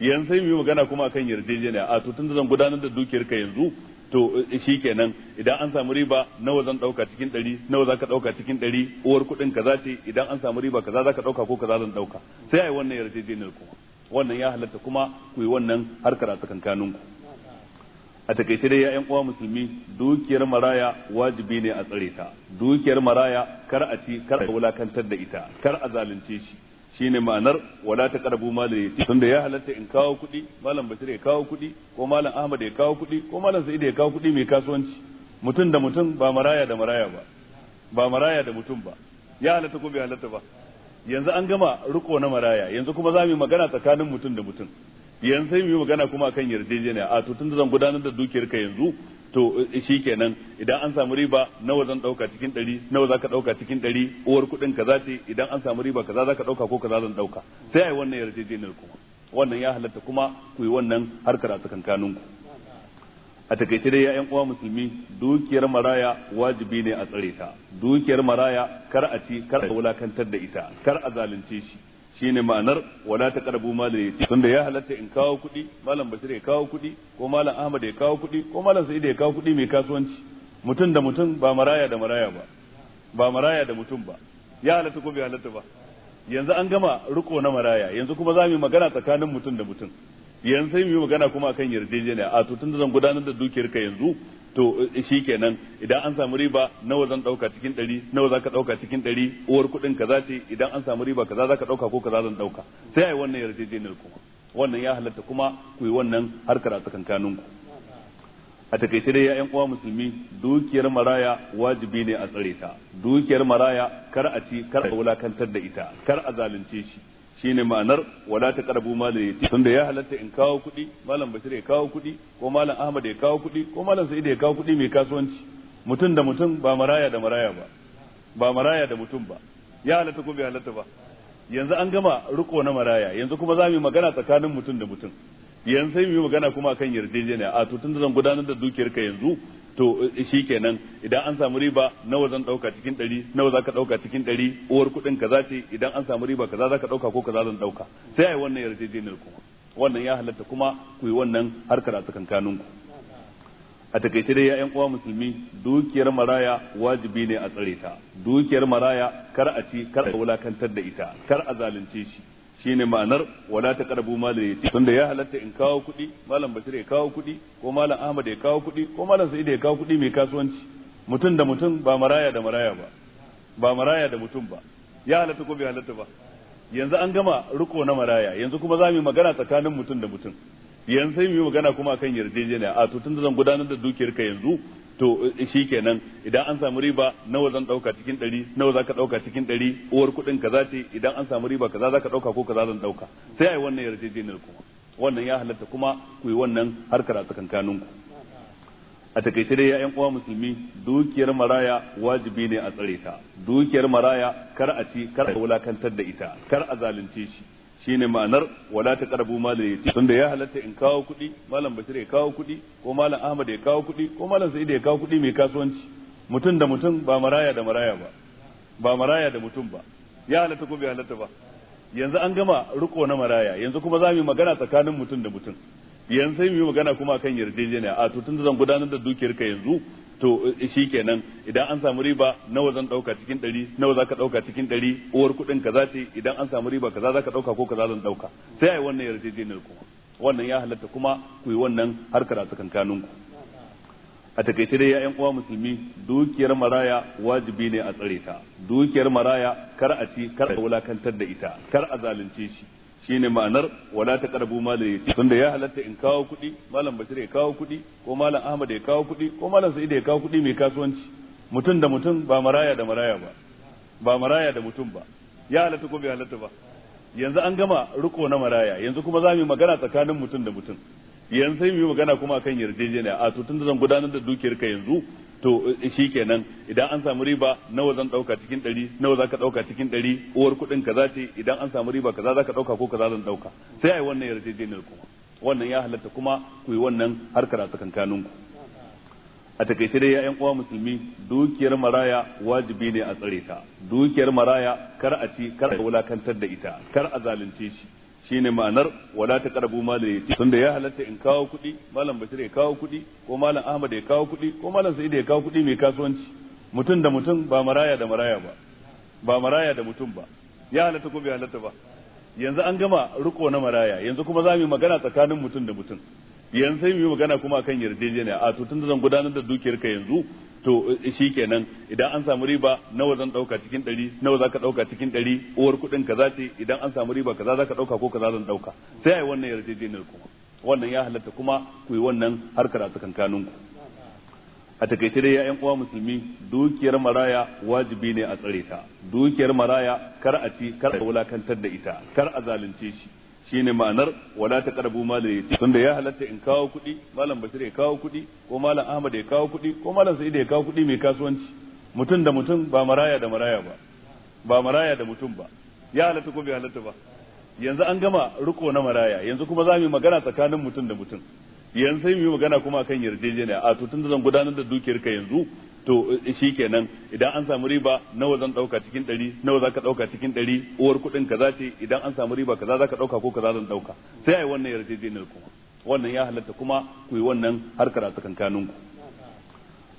yanzu sai mu yi magana kuma akan yarjejeniya a to tunda zan gudanar da dukiyar ka yanzu to eh, shi kenan idan an samu riba nawa zan dauka cikin ɗari nawa zaka ɗauka dauka cikin ɗari uwar kuɗin kaza ce idan an samu riba kaza zaka dauka ko kaza zan dauka sai ai wannan yarjejeniyar kuma wannan ya halatta kuma ku yi wannan harkar a tsakankanin ku a takaice dai ya uwa musulmi dukiyar maraya wajibi ne a tsare ta dukiyar maraya kar a ci kar a wulakantar da ita kar a zalunce shi shine ma'anar wala ta karabu malin tun da ya halatta in kawo kuɗi malam basir ya kawo kuɗi ko malam ahmad ya kawo kuɗi ko malam sa'id ya kawo kuɗi mai kasuwanci mutum da mutum ba maraya da maraya ba ba maraya da mutum ba ya halatta ko bai halatta ba yanzu an gama riko na maraya yanzu kuma za mu yi magana tsakanin mutum da mutum yanzu sai mu yi magana kuma akan yarjejeniya a to da zan gudanar da dukiyar ka yanzu to eh, kenan idan an samu riba nawa zan dauka cikin ɗari nawa za ka dauka cikin ɗari uwar kuɗin kaza ce idan an samu riba kaza za ka dauka ko kaza zan dauka sai ai wannan yarjejeniyar kuma wannan ya halatta kuma ku yi wannan harkar a tsakankanin ku a takaice dai ya'yan uwa musulmi dukiyar maraya wajibi ne a tsare ta dukiyar maraya kar a ci kar a wulakantar da ita kar a zalunce shi shine ma'anar wala ta karabu malin yatim tunda ya halatta in kawo kuɗi malam Basir ya kawo kuɗi ko malam ahmad ya kawo kuɗi ko malam sa'id ya kawo kuɗi mai kasuwanci mutum da mutum ba maraya da maraya ba ba maraya da mutum ba ya halatta ko bai halatta ba yanzu an gama riko na maraya yanzu kuma za mu yi magana tsakanin mutum da mutum yanzu sai mu yi magana kuma akan yarjejeniya a to tun da zan gudanar da dukiyarka yanzu to eh, shi kenan idan an samu riba nawa zan dauka cikin ɗari nawa zaka dauka cikin ɗari uwar kuɗin kaza ce idan an samu riba kaza zaka dauka ko kaza zan dauka sai ai wannan yarjejeniyar ku wannan ya halatta kuma ku yi wannan harkar a tsakankanin ku a takaice dai ya'yan uwa musulmi dukiyar maraya wajibi ne a tsare ta dukiyar maraya kar a ci kar a wulakantar da ita kar a zalunce shi shine ma'anar wala ta karabu malal yati tunda ya halatta in kawo kuɗi malam bashir ya kawo kuɗi ko malam ahmad ya kawo kuɗi ko malam sa'id ya kawo kuɗi mai kasuwanci mutum da mutum ba maraya da maraya ba ba maraya da mutum ba ya halatta ko bai halatta ba yanzu an gama riko na maraya yanzu kuma za mu yi magana tsakanin mutum da mutum yanzu sai mu yi magana kuma akan yarjejeniya a to da zan gudanar da dukiyar ka yanzu to eh, shi kenan idan an samu riba nawa zan dauka cikin ɗari nawa zaka dauka cikin ɗari uwar kuɗin kaza ce idan an samu riba kaza zaka dauka ko kaza zan dauka sai ai wannan yarjejeniyar kuma wannan ya halatta kuma ku yi wannan harkar a tsakankanin ku a takaice dai ya'yan uwa musulmi dukiyar maraya wajibi ne a tsare ta dukiyar maraya kar a ci kar a wulakantar da ita kar a zalunce shi shine ma'anar wala ta karbu malal yati tunda ya halatta in kawo kuɗi malam bashir ya kawo kuɗi ko malam ahmad ya kawo kuɗi ko malam sa'id ya kawo kuɗi mai kasuwanci mutum da mutum ba maraya da maraya ba ba maraya da mutum ba ya halatta ko bai halatta ba yanzu an gama riko na maraya yanzu kuma za mu yi magana tsakanin mutum da mutum yanzu sai mu yi magana kuma akan yarjejeniya a to tunda zan gudanar da dukiyar ka yanzu to eh, shi kenan idan an samu riba nawa zan dauka cikin 100 nawa zaka dauka cikin dari uwar kuɗin kaza ce idan an samu riba kaza zaka dauka ko kaza zan dauka sai yi wannan yarjejeniyar kuma wannan ya halatta kuma ku wannan harkar a tsakankanin ku a takaice dai ya'yan uwa musulmi dukiyar maraya wajibi ne a tsare ta dukiyar maraya kar a ci kar a wulakantar da ita kar a zalunce shi shine ma'anar wala ta karabu malal yatim tunda ya halatta in kawo kuɗi malam bashir ya kawo kuɗi ko malam ahmad ya kawo kuɗi ko malam sa'id ya kawo kuɗi mai kasuwanci mutum da mutum ba maraya da maraya ba ba maraya da mutum ba ya halatta ko bai halatta ba yanzu an gama riko na maraya yanzu kuma za mu yi magana tsakanin mutum da mutum yanzu sai mu yi magana kuma kan yarjejeniya a to tunda zan gudanar da dukiyar ka yanzu to eh, kenan idan an samu riba nawa zan dauka cikin dari nawa zaka dauka cikin dari uwar kuɗin kaza ce idan an samu riba kaza zaka dauka ko kaza zan dauka sai ai wannan yarjejeniyar kuma wannan ya halatta kuma ku yi wannan harkar a tsakankanin ku a takaice dai ya'yan uwa musulmi dukiyar maraya wajibi ne a tsare ta dukiyar maraya kar a ci kar a wulakantar da ita kar a zalunce shi shine ma'anar wala ta taqrabu mal yatim tunda ya halatta in kawo kuɗi malam bashir ya kawo kuɗi ko malam ahmad ya kawo kuɗi ko malam sa'id ya kawo kuɗi mai kasuwanci mutum da mutum ba maraya da maraya ba ba maraya da mutum ba ya halatta ko bai halatta ba yanzu an gama riko na maraya yanzu kuma za mu yi magana tsakanin mutum da mutum yanzu sai mu yi magana kuma akan yarjejeniya a to tunda zan gudanar da dukiyar ka yanzu to eh, shi kenan idan an samu riba nawa zan dauka cikin ɗari nawa za ka dauka cikin ɗari uwar kuɗin kaza ce idan an samu riba kaza za ka dauka ko kaza zan dauka sai yi wannan yarjejeniyar kuma wannan ya halatta kuma ku yi wannan harkar a tsakankanin ku a takaice dai ya'yan uwa musulmi dukiyar maraya wajibi ne a tsare ta dukiyar maraya kar a ci kar a wulakantar da ita kar a zalunce shi shine ma'anar wala ta karabu malin yati tunda ya halatta in kawo kuɗi malam bashir ya kawo kuɗi ko malam ahmad ya kawo kuɗi ko malam sa'id ya kawo kuɗi mai kasuwanci mutum da mutum ba maraya da maraya ba ba maraya da mutum ba ya halatta ko bai halatta ba yanzu an gama riko na maraya yanzu kuma za mu yi magana tsakanin mutum da mutum yanzu sai mu yi magana kuma akan yarjejeniya a to tun zan gudanar da dukiyar ka yanzu to eh, shi kenan idan an samu riba nawa zan dauka cikin ɗari nawa za ka dauka cikin ɗari uwar kuɗin kaza ce idan an samu riba kaza za ka dauka ko kaza zan dauka sai a wannan yarjejeniyar kuma wannan ya halatta kuma ku yi wannan harkar a tsakankanin ku a takaice dai ya'yan uwa musulmi dukiyar maraya wajibi ne a tsare ta dukiyar maraya kar a ci kar a wulakantar da ita kar a zalunce shi shine ma'anar wala ta karbu malin yatim tunda ya halatta in kawo kuɗi malam Bashir ya kawo kuɗi ko malam Ahmad ya kawo kuɗi ko malam Sa'id ya kawo kuɗi mai kasuwanci mutum da mutum ba maraya da maraya ba ba maraya da mutum ba ya halatta ko bai halatta ba yanzu an gama riko na maraya yanzu kuma za mu yi magana tsakanin mutum da mutum yanzu sai mu yi magana kuma akan yarjejeniya a to tunda zan gudanar da dukiyar ka yanzu to eh, shi kenan idan an samu riba nawa zan dauka cikin ɗari nawa za ka dauka cikin ɗari uwar kuɗin kaza ce idan an samu riba kaza za ka dauka ko kaza zan dauka sai a yi wannan yarjejeniyar kuma wannan ya halatta kuma ku yi wannan harkar a tsakankaninku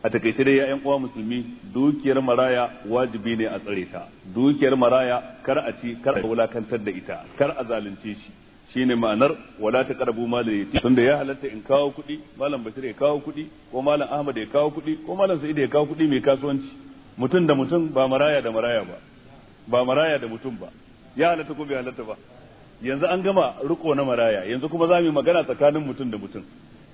a takaice dai ya'yan uwa musulmi dukiyar maraya wajibi ne a tsare ta dukiyar maraya kar a ci kar a wulakantar da ita kar a zalunce shi Shi ne ma'anar wala ta karabu malal yati tunda ya halatta in kawo kuɗi malam bashir ya kawo kuɗi ko malam ahmad ya kawo kuɗi ko malam sa'id ya kawo kuɗi mai kasuwanci mutum da mutum ba maraya da maraya ba ba maraya da mutum ba ya halatta ko bai halatta ba yanzu an gama riko na maraya yanzu kuma za mu yi magana tsakanin mutum da mutum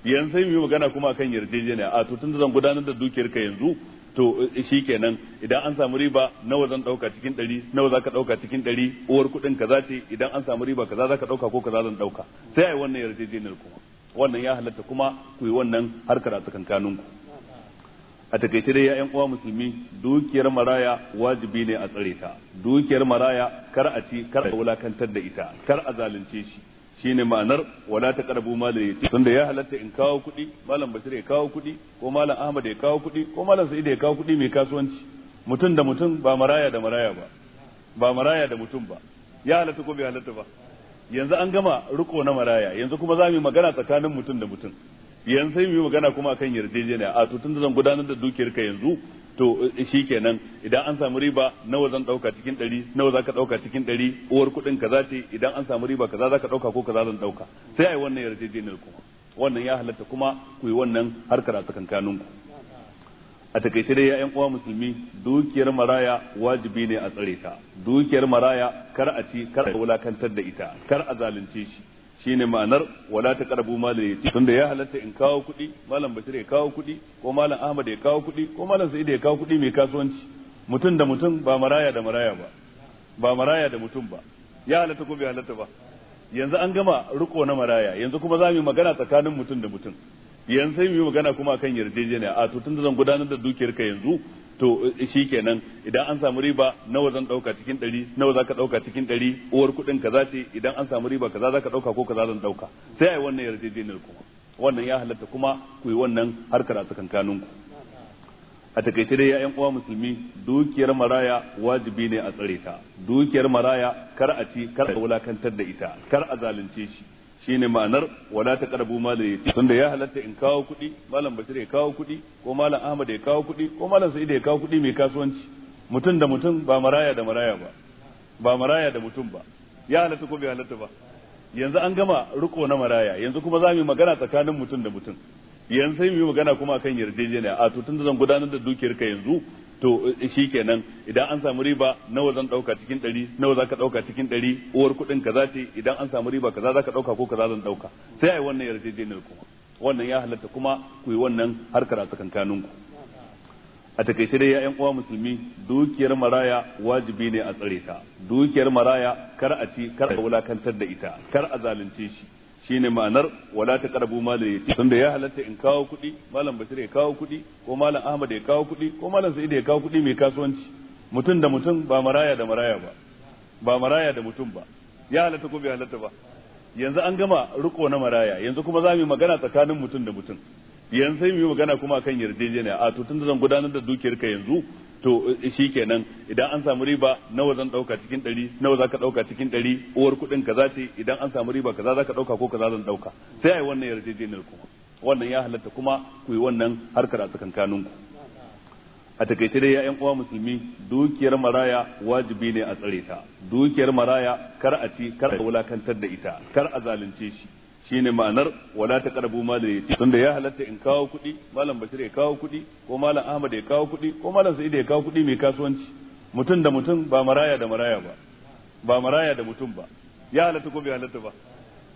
yanzu sai mu yi magana kuma akan yarjejeniya a to tunda zan gudanar da dukiyar ka yanzu to eh, shi kenan idan an samu riba nawa zan dauka cikin ɗari nawa za ka dauka cikin ɗari uwar kuɗin kaza ce idan an samu riba kaza za ka dauka ko kaza zan dauka sai a yi wannan yarjejeniyar kuma wannan ya halatta kuma ku yi wannan harkar a tsakankanin ku a takaice dai ya'yan uwa musulmi dukiyar maraya wajibi ne a tsare ta dukiyar maraya kar a ci kar a wulakantar da ita kar a zalunce shi Shi ne ma'anar wala ta taqrabu ya yatim tunda ya halatta in kawo kuɗi malam Bashir ya kawo kuɗi ko malam Ahmad ya kawo kuɗi ko malam Sa'id ya kawo kuɗi mai kasuwanci mutum da mutum ba maraya da maraya ba ba maraya da mutum ba ya halatta ko bai halatta ba yanzu an gama riko na maraya yanzu kuma za mu yi magana tsakanin mutum da mutum yanzu sai mu yi magana kuma akan yarjejeniya a to tunda zan gudanar da dukiyar ka yanzu to eh, shikenan idan an samu riba nawa zan dauka cikin dari nawa zaka dauka cikin dari uwar kuɗin kaza ce idan an samu riba kaza zaka dauka ko kaza zan dauka sai ai wannan yarjejeniyar kuma wannan ya halatta kuma ku yi wannan harkar a tsakankanin ku a takaice dai ya'yan uwa musulmi dukiyar maraya wajibi ne a tsare ta dukiyar maraya kar a ci kar a wulakantar da ita kar a zalunce shi Shi ne ma'anar wala ta karabu malal yati tunda ya halatta in kawo kuɗi malam bashir ya kawo kuɗi ko malam ahmad ya kawo kuɗi ko malam sa'id ya kawo kuɗi mai kasuwanci mutum da mutum ba maraya da maraya ba ba maraya da mutum ba ya halatta ko bai halatta ba yanzu an gama riko na maraya yanzu kuma za mu yi magana tsakanin mutum da mutum yanzu sai mu yi magana kuma akan yarjejeniya a to tunda zan gudanar da dukiyar ka yanzu to eh, shi kenan idan an samu riba nawa zan dauka cikin dari nawa zaka dauka cikin dari uwar kuɗin ka zace idan an samu riba kaza zaka dauka ko kaza zan dauka sai ai wannan yarjejeniyar kuma wannan ya halatta kuma ku yi wannan harkar a tsakankanin ku a takaice dai ya uwa musulmi dukiyar maraya wajibi ne a tsare ta dukiyar maraya kar a ci kar a wulakantar da ita kar a zalunce shi shine ma'anar wala ta karabu malin yatim tunda ya halatta in kawo kuɗi malam bashir ya kawo kuɗi ko malam ahmad ya kawo kuɗi ko malam sa'id ya kawo kuɗi mai kasuwanci mutum da mutum ba maraya da maraya ba ba maraya da mutum ba ya halatta ko bai halatta ba yanzu an gama riko na maraya yanzu kuma za mu yi magana tsakanin mutum da mutum yanzu sai mu yi magana kuma akan yarjejeniya a to tunda zan gudanar da dukiyar ka yanzu to eh, shi kenan idan an samu riba nawa zan dauka cikin ɗari nawa za ka dauka cikin ɗari uwar kuɗin kaza ce idan an samu riba kaza za ka dauka ko kaza zan dauka sai a wannan yarjejeniyar kuma wannan ya halatta kuma ku yi wannan harkar a tsakankanin ku a takaice dai ya'yan uwa musulmi dukiyar maraya wajibi ne a tsare ta dukiyar maraya kar a ci kar a wulakantar da ita kar a zalunce shi shine ma'anar wala ta karabu malal yati tunda ya halatta in kawo kuɗi malam bashir ya kawo kuɗi ko malam ahmad ya kawo kuɗi ko malam sa'id ya kawo kuɗi mai kasuwanci mutum da mutum ba maraya da maraya ba ba maraya da mutum ba ya halatta ko bai halatta ba yanzu an gama riko na maraya yanzu kuma za mu yi magana tsakanin mutum da mutum yanzu sai mu yi magana kuma akan yarjejeniya a to tun da zan gudanar da dukiyarka yanzu to eh, shi kenan idan an samu riba nawa zan dauka cikin ɗari nawa zaka dauka cikin ɗari uwar kuɗin kaza ce idan an samu riba kaza zaka dauka ko kaza zan dauka sai ai wannan yarjejeniyar kuma wannan ya halatta kuma ku yi wannan harkar a kanun ku a takaice dai ya'yan uwa musulmi dukiyar maraya wajibi ne a tsare ta dukiyar maraya kar a ci kar a wulakantar da ita kar a zalunce shi shine ma'anar wala ta karabu malal yati tunda ya halatta in kawo kuɗi malam bashir ya kawo kuɗi ko malam ahmad ya kawo kuɗi ko malam sa'id ya kawo kuɗi mai kasuwanci mutum da mutum ba maraya da maraya ba ba maraya da mutum ba ya halatta ko bai halatta ba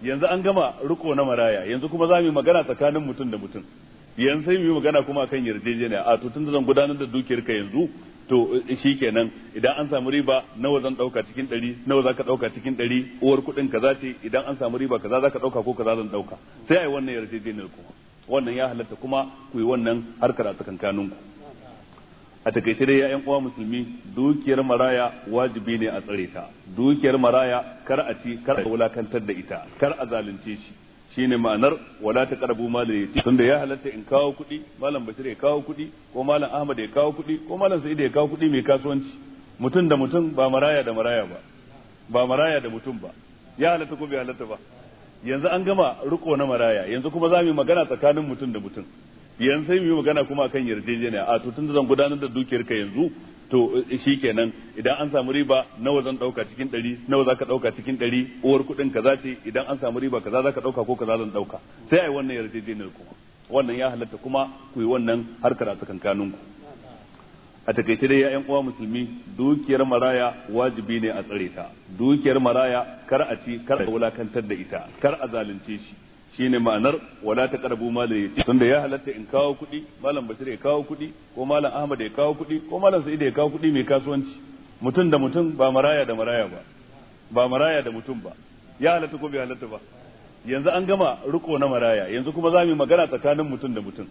yanzu an gama riko na maraya yanzu kuma za mu yi magana tsakanin mutum da mutum yanzu sai mu yi magana kuma akan yarjejeniya a to tun zan gudanar da dukiyar ka yanzu to eh, shi nan idan an samu riba nawa zan dauka cikin ɗari nawa zaka dauka cikin ɗari uwar kuɗin kaza ce idan an samu riba kaza zaka dauka ko kaza zan dauka sai yi wannan yarjejeniyar ku wannan ya halatta kuma ku yi wannan harkar a tsakankanin ku a takaice dai ya'yan uwa musulmi dukiyar maraya wajibi ne a tsare ta dukiyar maraya kar a ci kar a wulakantar da ita kar a zalunce shi Shi ne ma'anar wala ta karabu ya yati tunda ya halatta in kawo kuɗi malam bashir ya kawo kuɗi ko malam ahmad ya kawo kuɗi ko malam sa'id ya kawo kuɗi mai kasuwanci mutum da mutum ba maraya da maraya ba ba maraya da mutum ba ya halatta ko bai halatta ba yanzu an gama riko na maraya yanzu kuma za mu yi magana tsakanin mutum da mutum yanzu sai mu yi magana kuma akan yarjejeniya a to tunda zan gudanar da dukiyar ka yanzu to eh, shi kenan idan an samu riba nawa zan dauka cikin ɗari nawa zaka dauka cikin ɗari uwar kuɗin kaza ce idan an samu riba kaza zaka dauka ko kaza zan dauka sai ai wannan yarjejeniyar kuma wannan ya halatta kuma ku yi wannan harkar a tsakankanin ku a takaice dai ya'yan uwa musulmi dukiyar maraya wajibi ne a tsare ta dukiyar maraya kar a ci kar a wulakantar da ita kar a zalunce shi shine ma'anar wala karbu mal yatim tunda ya halatta in kawo kuɗi malam Bashir ya kawo kuɗi ko malam Ahmad ya kawo kuɗi ko malam Sa'id ya kawo kuɗi mai kasuwanci mutum da mutum ba maraya da maraya ba ba maraya da mutum ba ya halatta ko bai halatta ba yanzu an gama riko na maraya yanzu kuma za mu yi magana tsakanin mutum da mutum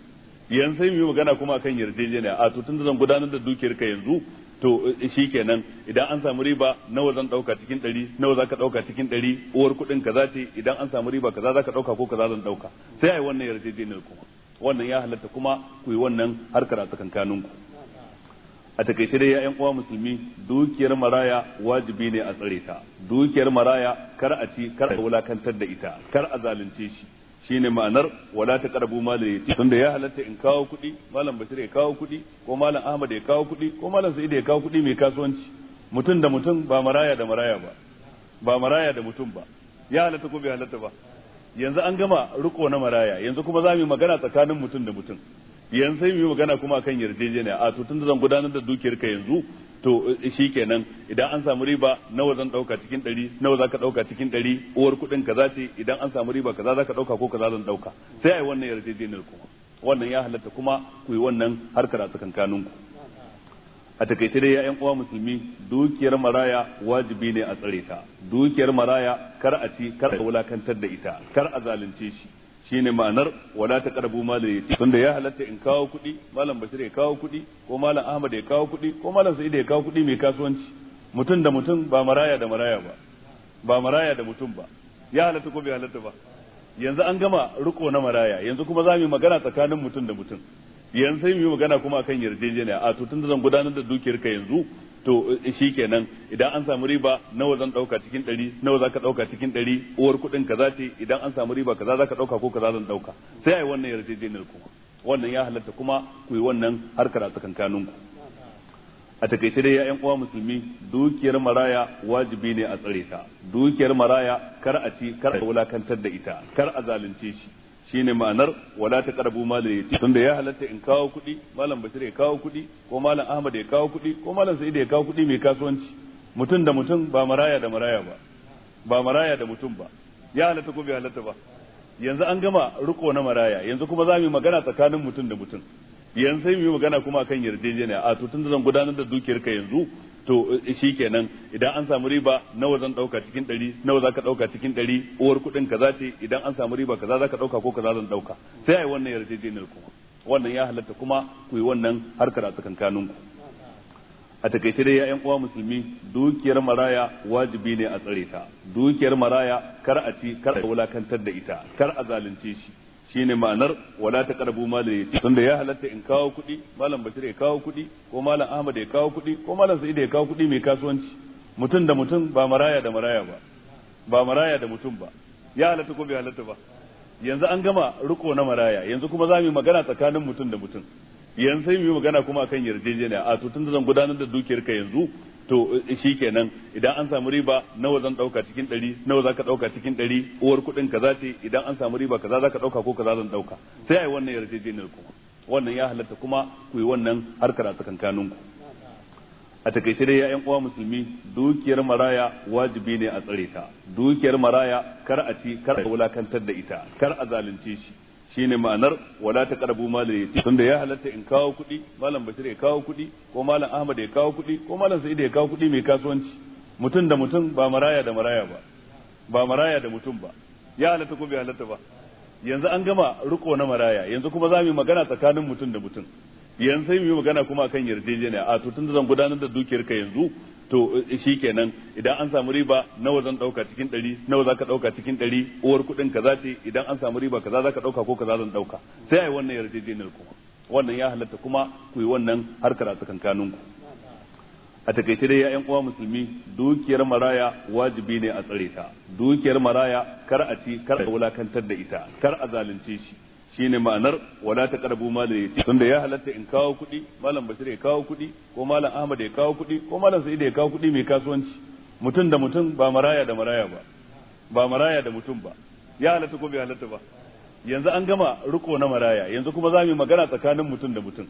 yanzu sai mu yi magana kuma akan yarjejeniya a to tunda zan gudanar da dukiyar ka yanzu to eh, kenan idan an samu riba nawa zan dauka cikin ɗari nawa zaka dauka cikin ɗari uwar kuɗin kaza ce idan an samu riba kaza zaka dauka ko kaza zan dauka sai ai wannan yarjejeniyar kuma wannan ya halatta kuma ku yi wannan harkar a tsakankanin ku a takaice dai ya'yan uwa musulmi dukiyar maraya wajibi ne a tsare ta dukiyar maraya kar a ci kar a wulakantar da ita kar a zalunce shi ne ma'anar wala ta karabu malin yati tunda ya halatta in kawo kuɗi malam bashir ya kawo kuɗi ko malam ahmad ya kawo kuɗi ko malam sa'id ya kawo kuɗi mai kasuwanci mutum da mutum ba maraya da maraya ba ba maraya da mutum ba ya halatta ko bai halatta ba yanzu an gama riko na maraya yanzu kuma za mu yi magana tsakanin mutum da mutum yanzu sai mu yi magana kuma akan yarjejeniya a to tunda zan gudanar da dukiyar ka yanzu to eh, shi kenan idan an samu riba nawa zan dauka cikin ɗari nawa zaka ka dauka cikin ɗari uwar kuɗin kaza ce idan an samu riba kaza za ka dauka ko kaza zan dauka sai a yi wannan yarjejeniyar kuma wannan ya halatta kuma ku yi wannan harkar a tsakankanin ku a takaice dai ya'yan uwa musulmi dukiyar maraya wajibi ne a tsare ta dukiyar maraya kar a ci kar a wulakantar da ita kar a zalunce shi shine ma'anar wala ta karbu malin yatim tunda ya halatta in kawo kuɗi malam bashir ya kawo kuɗi ko malam ahmad ya kawo kuɗi ko malam sa'id ya kawo kuɗi mai kasuwanci mutum da mutum ba maraya da maraya ba ba maraya da mutum ba ya halatta ko bai halatta ba yanzu an gama riko na maraya yanzu kuma za mu yi magana tsakanin mutum da mutum yanzu sai mu yi magana kuma akan yarjejeniya a to tun da zan gudanar da dukiyarka yanzu to eh, nan idan an samu riba nawa zan dauka cikin ɗari nawa za ka dauka cikin ɗari uwar kuɗin kaza ce idan an samu riba kaza za ka dauka ko kaza zan dauka sai a yi wannan yarjejeniyar kuma wannan ya halatta kuma ku yi wannan harkar a ku. a takaice dai ya'yan uwa musulmi dukiyar maraya wajibi ne a tsare ta dukiyar maraya kar a ci kar a wulakantar da ita kar a zalunce shi shine ma'anar wala ta karabu malin yati tunda ya halatta in kawo kuɗi malam bashir ya kawo kuɗi ko malam ahmad ya kawo kuɗi ko malam sa'id ya kawo kuɗi mai kasuwanci mutum da mutum ba maraya da maraya ba ba maraya da mutum ba ya halatta ko bai halatta ba yanzu an gama riko na maraya yanzu kuma za mu yi magana tsakanin mutum da mutum yanzu sai mu yi magana kuma akan yarjejeniya a to tun da zan gudanar da dukiyarka yanzu to eh, shi kenan idan an samu riba nawa zan dauka cikin ɗari nawa za dauka cikin ɗari uwar kuɗin kaza ce idan an samu riba kaza za dauka ko kaza zan dauka sai a yi wannan yarjejeniyar ku wannan ya halatta kuma ku yi wannan harkar a ku. a takaice dai ya'yan uwa musulmi dukiyar maraya wajibi ne a tsare ta dukiyar maraya kar a ci kar a wulakantar da ita kar a zalunce shi Shi ne ma'anar wala ta karabu malal yati da ya halatta in kawo kuɗi malam bashir ya kawo kuɗi ko malam ahmad ya kawo kuɗi ko malam sa'id ya kawo kuɗi mai kasuwanci mutum da mutum ba maraya da maraya ba ba maraya da mutum ba ya halatta ko bai halatta ba yanzu an gama riko na maraya yanzu kuma za mu yi magana tsakanin mutum da mutum yanzu sai mu yi magana kuma akan yarjejeniya a to da zan gudanar da dukiyar ka yanzu to eh, shi nan idan an samu riba nawa zan dauka cikin ɗari nawa zaka dauka cikin ɗari uwar kuɗin kaza ce idan an samu riba kaza zaka dauka ko kaza zan dauka sai yi wannan yarjejeniyar kuma wannan ya halatta kuma ku yi wannan harkar a tsakankanin ku a takaice dai ya'yan uwa musulmi dukiyar maraya wajibi ne a tsare ta dukiyar maraya kar a ci kar a wulakantar da ita kar a zalunce shi Shi ne ma'anar wala ta karabu malar yati tunda ya halatta in kawo kuɗi malam bashir ya kawo kuɗi ko malam ahmad ya kawo kuɗi ko malam sa'id ya kawo kuɗi mai kasuwanci mutum da mutum ba maraya da maraya ba ba maraya da mutum ba ya halatta ko bai halatta ba yanzu an gama riko na maraya yanzu kuma za mu yi magana tsakanin mutum da mutum yanzu sai mu yi magana kuma akan yarjejeniya a to tunda zan gudanar da dukiyar ka yanzu to eh, kenan idan an samu riba nawa zan dauka cikin ɗari nawa zaka dauka cikin ɗari uwar kuɗin kaza ce idan an samu riba kaza zaka dauka ko kaza zan dauka sai ai wannan yarjejeniyar kuma wannan ya halatta kuma ku yi wannan harkar a tsakankanin ku a takaice dai ya'yan uwa musulmi dukiyar maraya wajibi ne a tsare ta dukiyar maraya kar a ci kar a wulakantar da ita kar a zalunce shi Shi ne ma'anar wala ta taqrabu mal yatim tunda ya halatta in kawo kuɗi malam Bashir ya kawo kuɗi ko malam Ahmad ya kawo kuɗi ko malam Sa'id ya kawo kuɗi mai kasuwanci mutum da mutum ba maraya da maraya ba ba maraya da mutum ba ya halatta ko bai halatta ba yanzu an gama riko na maraya yanzu kuma za mu yi magana tsakanin mutum da mutum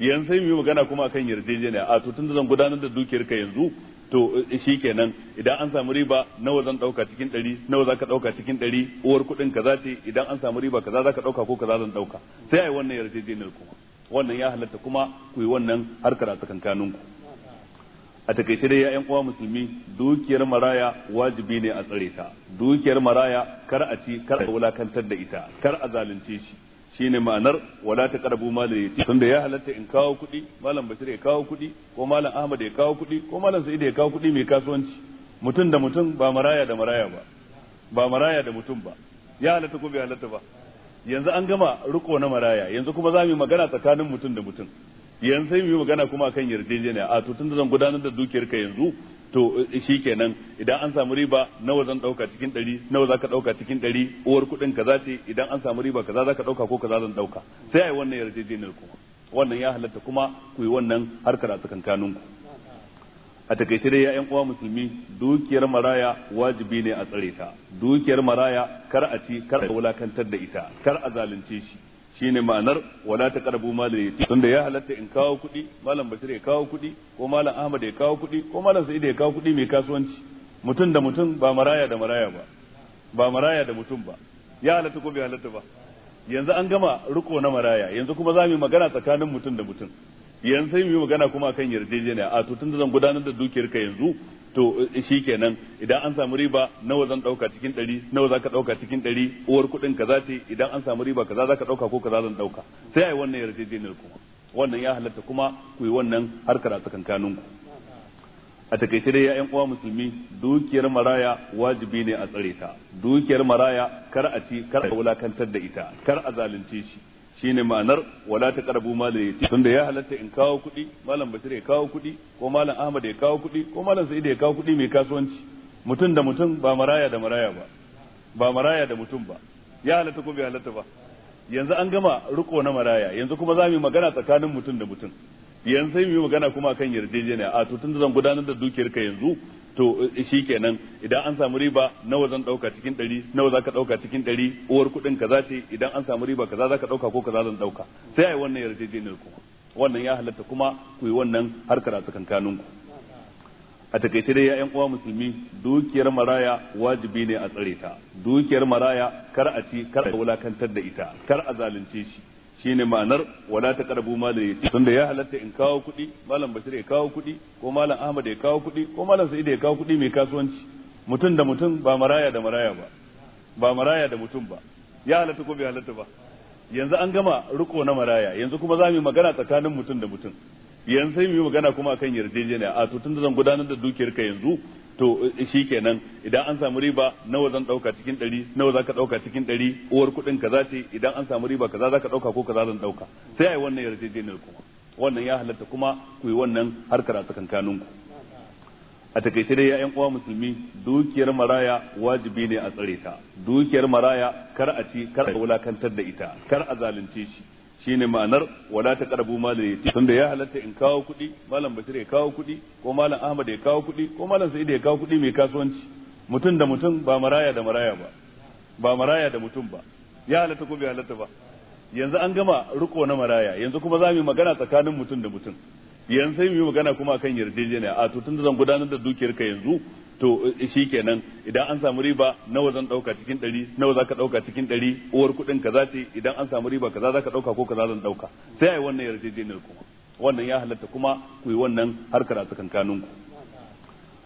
yanzu sai mu yi magana kuma akan yarjejeniya a to tunda zan gudanar da dukiyar ka yanzu to eh, shi kenan idan an samu riba nawa zan dauka cikin ɗari nawa zaka ka dauka cikin ɗari uwar kuɗin kaza ce idan an samu riba kaza za ka dauka ko kaza zan dauka sai ai wannan yarjejeniyar kuma wannan ya halatta kuma ku yi wannan harkar a tsakankanin ku a takaice dai ya uwa musulmi dukiyar maraya wajibi ne a tsare ta dukiyar maraya kar a ci kar a wulakantar da ita kar a zalunce shi ne ma'anar wala ta karabu malin tun tunda ya halatta in kawo kuɗi malam bashir ya kawo kuɗi ko malam ahmad ya kawo kuɗi ko malam sa'id ya kawo kuɗi mai kasuwanci mutum da mutum ba maraya da maraya ba ba maraya da mutum ba ya halatta ko bai halatta ba yanzu an gama riko na maraya yanzu kuma za mu yi magana tsakanin mutum da mutum yanzu sai mu yi magana kuma akan yarjejeniya a to tunda zan gudanar da dukiyarka yanzu to eh, shi kenan idan an samu riba nawa zan dauka cikin dari nawa zaka dauka cikin dari uwar kuɗin kaza ce idan an samu riba kaza zaka dauka ko kaza zan dauka sai a wannan yarjejeniyar kuma wannan ya halatta kuma ku yi wannan harkar a tsakankanin ku a takaice dai ya'yan uwa musulmi dukiyar maraya wajibi ne a tsare ta dukiyar maraya kar a ci kar a wulakantar da ita kar a zalunce shi shine ma'anar wala ta karabu malal Tun tunda ya halatta in kawo kuɗi malam bashir ya kawo kuɗi ko malam ahmad ya kawo kuɗi ko malam sa'id ya kawo kuɗi mai kasuwanci mutum da mutum ba maraya da maraya ba ba maraya da mutum ba ya halatta ko bai halatta ba yanzu an gama riko na maraya yanzu kuma za mu yi magana tsakanin mutum da mutum yanzu sai mu yi magana kuma akan yarjejeniya a to tunda zan gudanar da dukiyarka yanzu to eh, shi kenan idan an samu riba nawa zan dauka cikin ɗari nawa zaka dauka cikin ɗari uwar kuɗin kaza ce idan an samu riba kaza zaka dauka ko kaza zan dauka sai ai wannan yarjejeniyar kuma wannan ya halatta kuma ku yi wannan harkar a tsakankanin ku a takaice dai ya'yan uwa musulmi dukiyar maraya wajibi ne a tsare ta dukiyar maraya kar a ci kar a wulakantar da ita kar a zalunce shi shine ma'anar wala ta karabu malal yati tunda ya halatta in kawo kuɗi malam Basir ya kawo kuɗi ko malam ahmad ya kawo kuɗi ko malam sa'id ya kawo kuɗi mai kasuwanci mutum da mutum ba maraya da maraya ba ba maraya da mutum ba ya halatta ko bai halatta ba yanzu an gama riko na maraya yanzu kuma za mu yi magana tsakanin mutum da mutum yanzu sai mu yi magana kuma kan yarjejeniya a to tun zan gudanar da dukiyar ka yanzu to eh, shi kenan idan an samu riba nawa zan dauka cikin dari nawa zaka dauka cikin dari uwar kudin kaza ce idan an samu riba kaza zaka dauka ko kaza zan dauka sai ai wannan yarjejeniyar ku wannan ya halatta kuma ku yi wannan harkar a kanun ku a takaice dai ya'yan uwa musulmi dukiyar maraya wajibi ne a tsare ta dukiyar maraya kar a ci kar a wulakantar da ita kar a zalunce shi Shi ne ma'anar wala ta karabu malar yati da ya halatta in kawo kuɗi malam bashir ya kawo kuɗi ko malam ahmad ya kawo kuɗi ko malam sa'id ya kawo kuɗi mai kasuwanci mutum da mutum ba maraya da maraya ba ba maraya da mutum ba ya halatta ko bai halatta ba yanzu an gama riko na maraya yanzu kuma za mu yi magana tsakanin mutum da mutum yanzu mu yi magana kuma akan yarjejeniya a tutun da zan gudanar da dukiyar ka yanzu to eh, shi kenan idan an samu riba nawa zan dauka cikin dari nawa zaka dauka cikin dari uwar kuɗin kaza ce idan an samu riba kaza zaka dauka ko kaza zan dauka sai a wannan yarjejeniyar kuma wannan ya halatta kuma ku yi wannan harkar a tsakankanin ku a takaice dai ya'yan uwa musulmi dukiyar maraya wajibi ne a tsare ta dukiyar maraya kar a ci kar a wulakantar da ita kar a zalunce shi Shi ne ma'anar wala ta karabu malal yatim tunda ya halatta in kawo kuɗi malam bashir ya kawo kuɗi ko malam ahmad ya kawo kuɗi ko malam sa'id ya kawo kuɗi mai kasuwanci mutum da mutum ba maraya da maraya ba ba maraya da mutum ba ya halatta ko bai halatta ba yanzu an gama riko na maraya yanzu kuma za mu yi magana tsakanin mutum da mutum yanzu sai mu yi magana kuma akan yarjejeniya a to tunda zan gudanar da dukiyar ka yanzu to eh, kenan idan an samu riba nawa zan dauka cikin ɗari nawa zaka dauka cikin ɗari uwar kuɗin kaza ce idan an samu riba kaza zaka dauka ko kaza zan dauka sai ai wannan yarjejeniyar kuma wannan ya halatta kuma ku yi wannan harkar a tsakankanin ku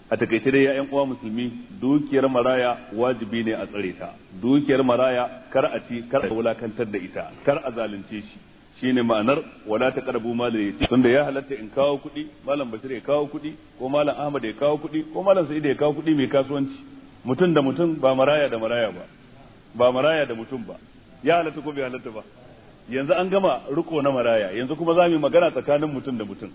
a takaice dai ya'yan uwa musulmi dukiyar maraya wajibi ne a tsare ta dukiyar maraya kar a ci kar a wulakantar da ita kar a zalunce shi shine ma'anar wala ta karbu mal yatim tunda ya halatta in kawo kuɗi malam bashir ya kawo kuɗi ko malam ahmad ya kawo kuɗi ko malam sa'id ya kawo kuɗi mai kasuwanci mutum da mutum ba maraya da maraya ba ba maraya da mutum ba ya halatta ko bai halatta ba yanzu an gama riko na maraya yanzu kuma za mu yi magana tsakanin mutum da mutum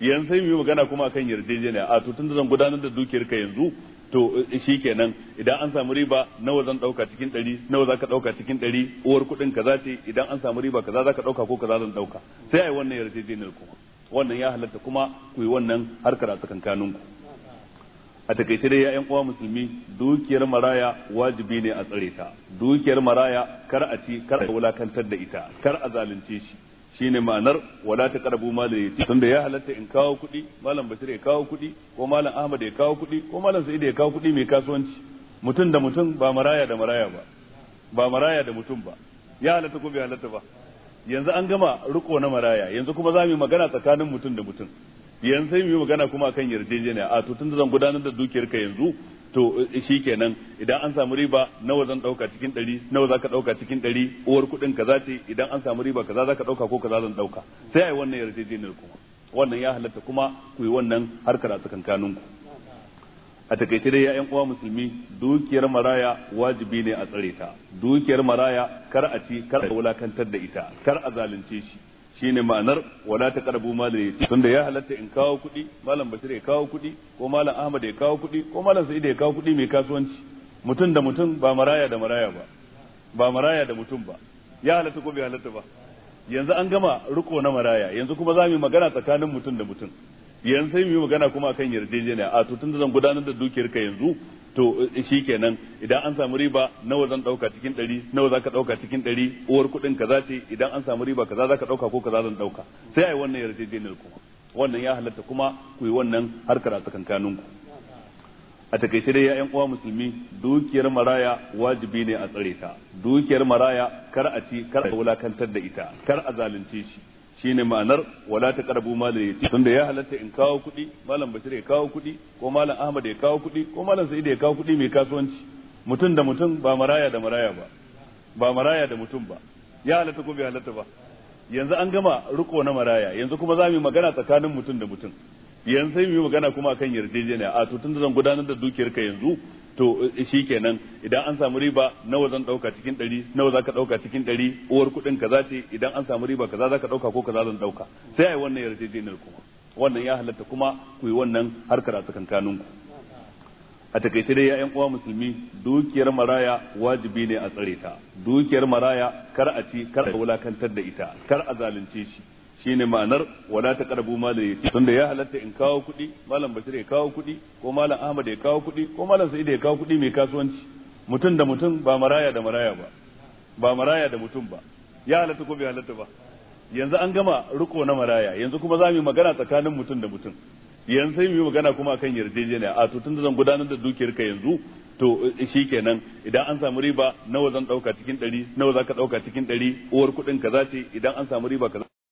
yanzu sai mu yi magana kuma akan yarjejeniya a to tunda zan gudanar da dukiyar ka yanzu to eh, shi kenan idan an samu riba nawa zan dauka cikin ɗari nawa zaka dauka cikin ɗari uwar kuɗin kaza ce idan an samu riba kaza zaka dauka ko kaza zan dauka sai ai wannan yarjejeniyar kuma wannan ya halatta kuma ku yi wannan harkar a tsakankanin ku a takaice dai ya'yan uwa musulmi dukiyar maraya wajibi ne a tsare ta dukiyar maraya kar a ci kar a wulakantar da ita kar a zalunce shi shine ma'anar wala ta karabu malin yati tunda ya halatta in kawo kuɗi malam bashir ya kawo kuɗi ko malam ahmad ya kawo kuɗi ko malam sa'id ya kawo kuɗi mai kasuwanci mutum da mutum ba maraya da maraya ba ba maraya da mutum ba ya halatta ko bai halatta ba yanzu an gama riko na maraya yanzu kuma za mu yi magana tsakanin mutum da mutum yanzu sai mu yi magana kuma akan yarjejeniya a to tunda zan gudanar da dukiyar ka yanzu to eh, shi nan idan an samu riba nawa zan dauka cikin ɗari nawa za ka dauka cikin ɗari uwar kuɗin kaza ce idan an samu riba kaza za ka dauka ko kaza zan dauka sai a yi wannan yarjejeniyar kuma wannan ya halatta kuma ku yi wannan harkar a tsakankanin ku a takaice dai ya'yan uwa musulmi dukiyar maraya wajibi ne a tsare ta dukiyar maraya kar a ci kar a wulakantar da ita kar a zalunce shi shine ma'anar wala ta karabu malin Tun tunda ya halatta in kawo kuɗi malam bashir ya kawo kuɗi ko malam ahmad ya kawo kuɗi ko malam sa'id ya kawo kuɗi mai kasuwanci mutum da mutum ba maraya da maraya ba ba maraya da mutum ba ya halatta ko bai halatta ba yanzu an gama riko na maraya yanzu kuma za mu yi magana tsakanin mutum da mutum yanzu sai mu yi magana kuma akan yarjejeniya a to tun da zan gudanar da dukiyar ka yanzu to eh, shi kenan idan an samu riba nawa zan dauka cikin ɗari nawa za ka dauka cikin ɗari uwar kuɗin kaza ce idan an samu riba kaza za ka dauka ko kaza zan dauka sai a yi wannan yarjejeniyar kuma wannan ya halatta kuma ku yi wannan harkar a tsakankaninku a takaice dai ya'yan uwa musulmi dukiyar maraya wajibi ne a tsare ta dukiyar maraya kar a ci kar a wulakantar da ita kar a zalunce shi shine ma'anar wala ta karabu malal yati tunda ya halatta in kawo kuɗi malam bashir ya kawo kuɗi ko malam ahmad ya kawo kuɗi ko malam sa'id ya kawo kuɗi mai kasuwanci mutum da mutum ba maraya da maraya ba ba maraya da mutum ba ya halatta ko bai halatta ba yanzu an gama riko na maraya yanzu kuma za mu yi magana tsakanin mutum da mutum yanzu sai mu yi magana kuma akan yarjejeniya a to da zan gudanar da dukiyar ka yanzu to eh, shi kenan idan an samu riba nawa zan dauka cikin ɗari nawa zaka dauka cikin ɗari uwar kuɗin ka ce idan an samu riba kaza zaka dauka ko kaza zan dauka sai ai wannan yarjejeniyar kuma wannan ya halatta kuma ku yi wannan harkar a tsakankanin ku a takaice dai ya'yan uwa musulmi dukiyar maraya wajibi ne a tsare ta dukiyar maraya kar a ci kar a wulakantar da ita kar a zalunce shi shine ma'anar wala ta karbu malar yati tunda ya halatta in kawo kuɗi malam bashir ya kawo kuɗi ko malam ahmad ya kawo kuɗi ko malam sa'id ya kawo kuɗi mai kasuwanci mutum da mutum ba maraya da maraya ba ba maraya da mutum ba ya halatta ko bai halatta ba yanzu an gama riko na maraya yanzu kuma za mu yi magana tsakanin mutum da mutum yanzu sai mu yi magana kuma akan yarjejeniya a to tunda zan gudanar da dukiyar ka yanzu to eh, shi kenan idan an samu riba nawa zan dauka cikin ɗari nawa za ka dauka cikin ɗari uwar kuɗin kaza ce idan an samu riba kaza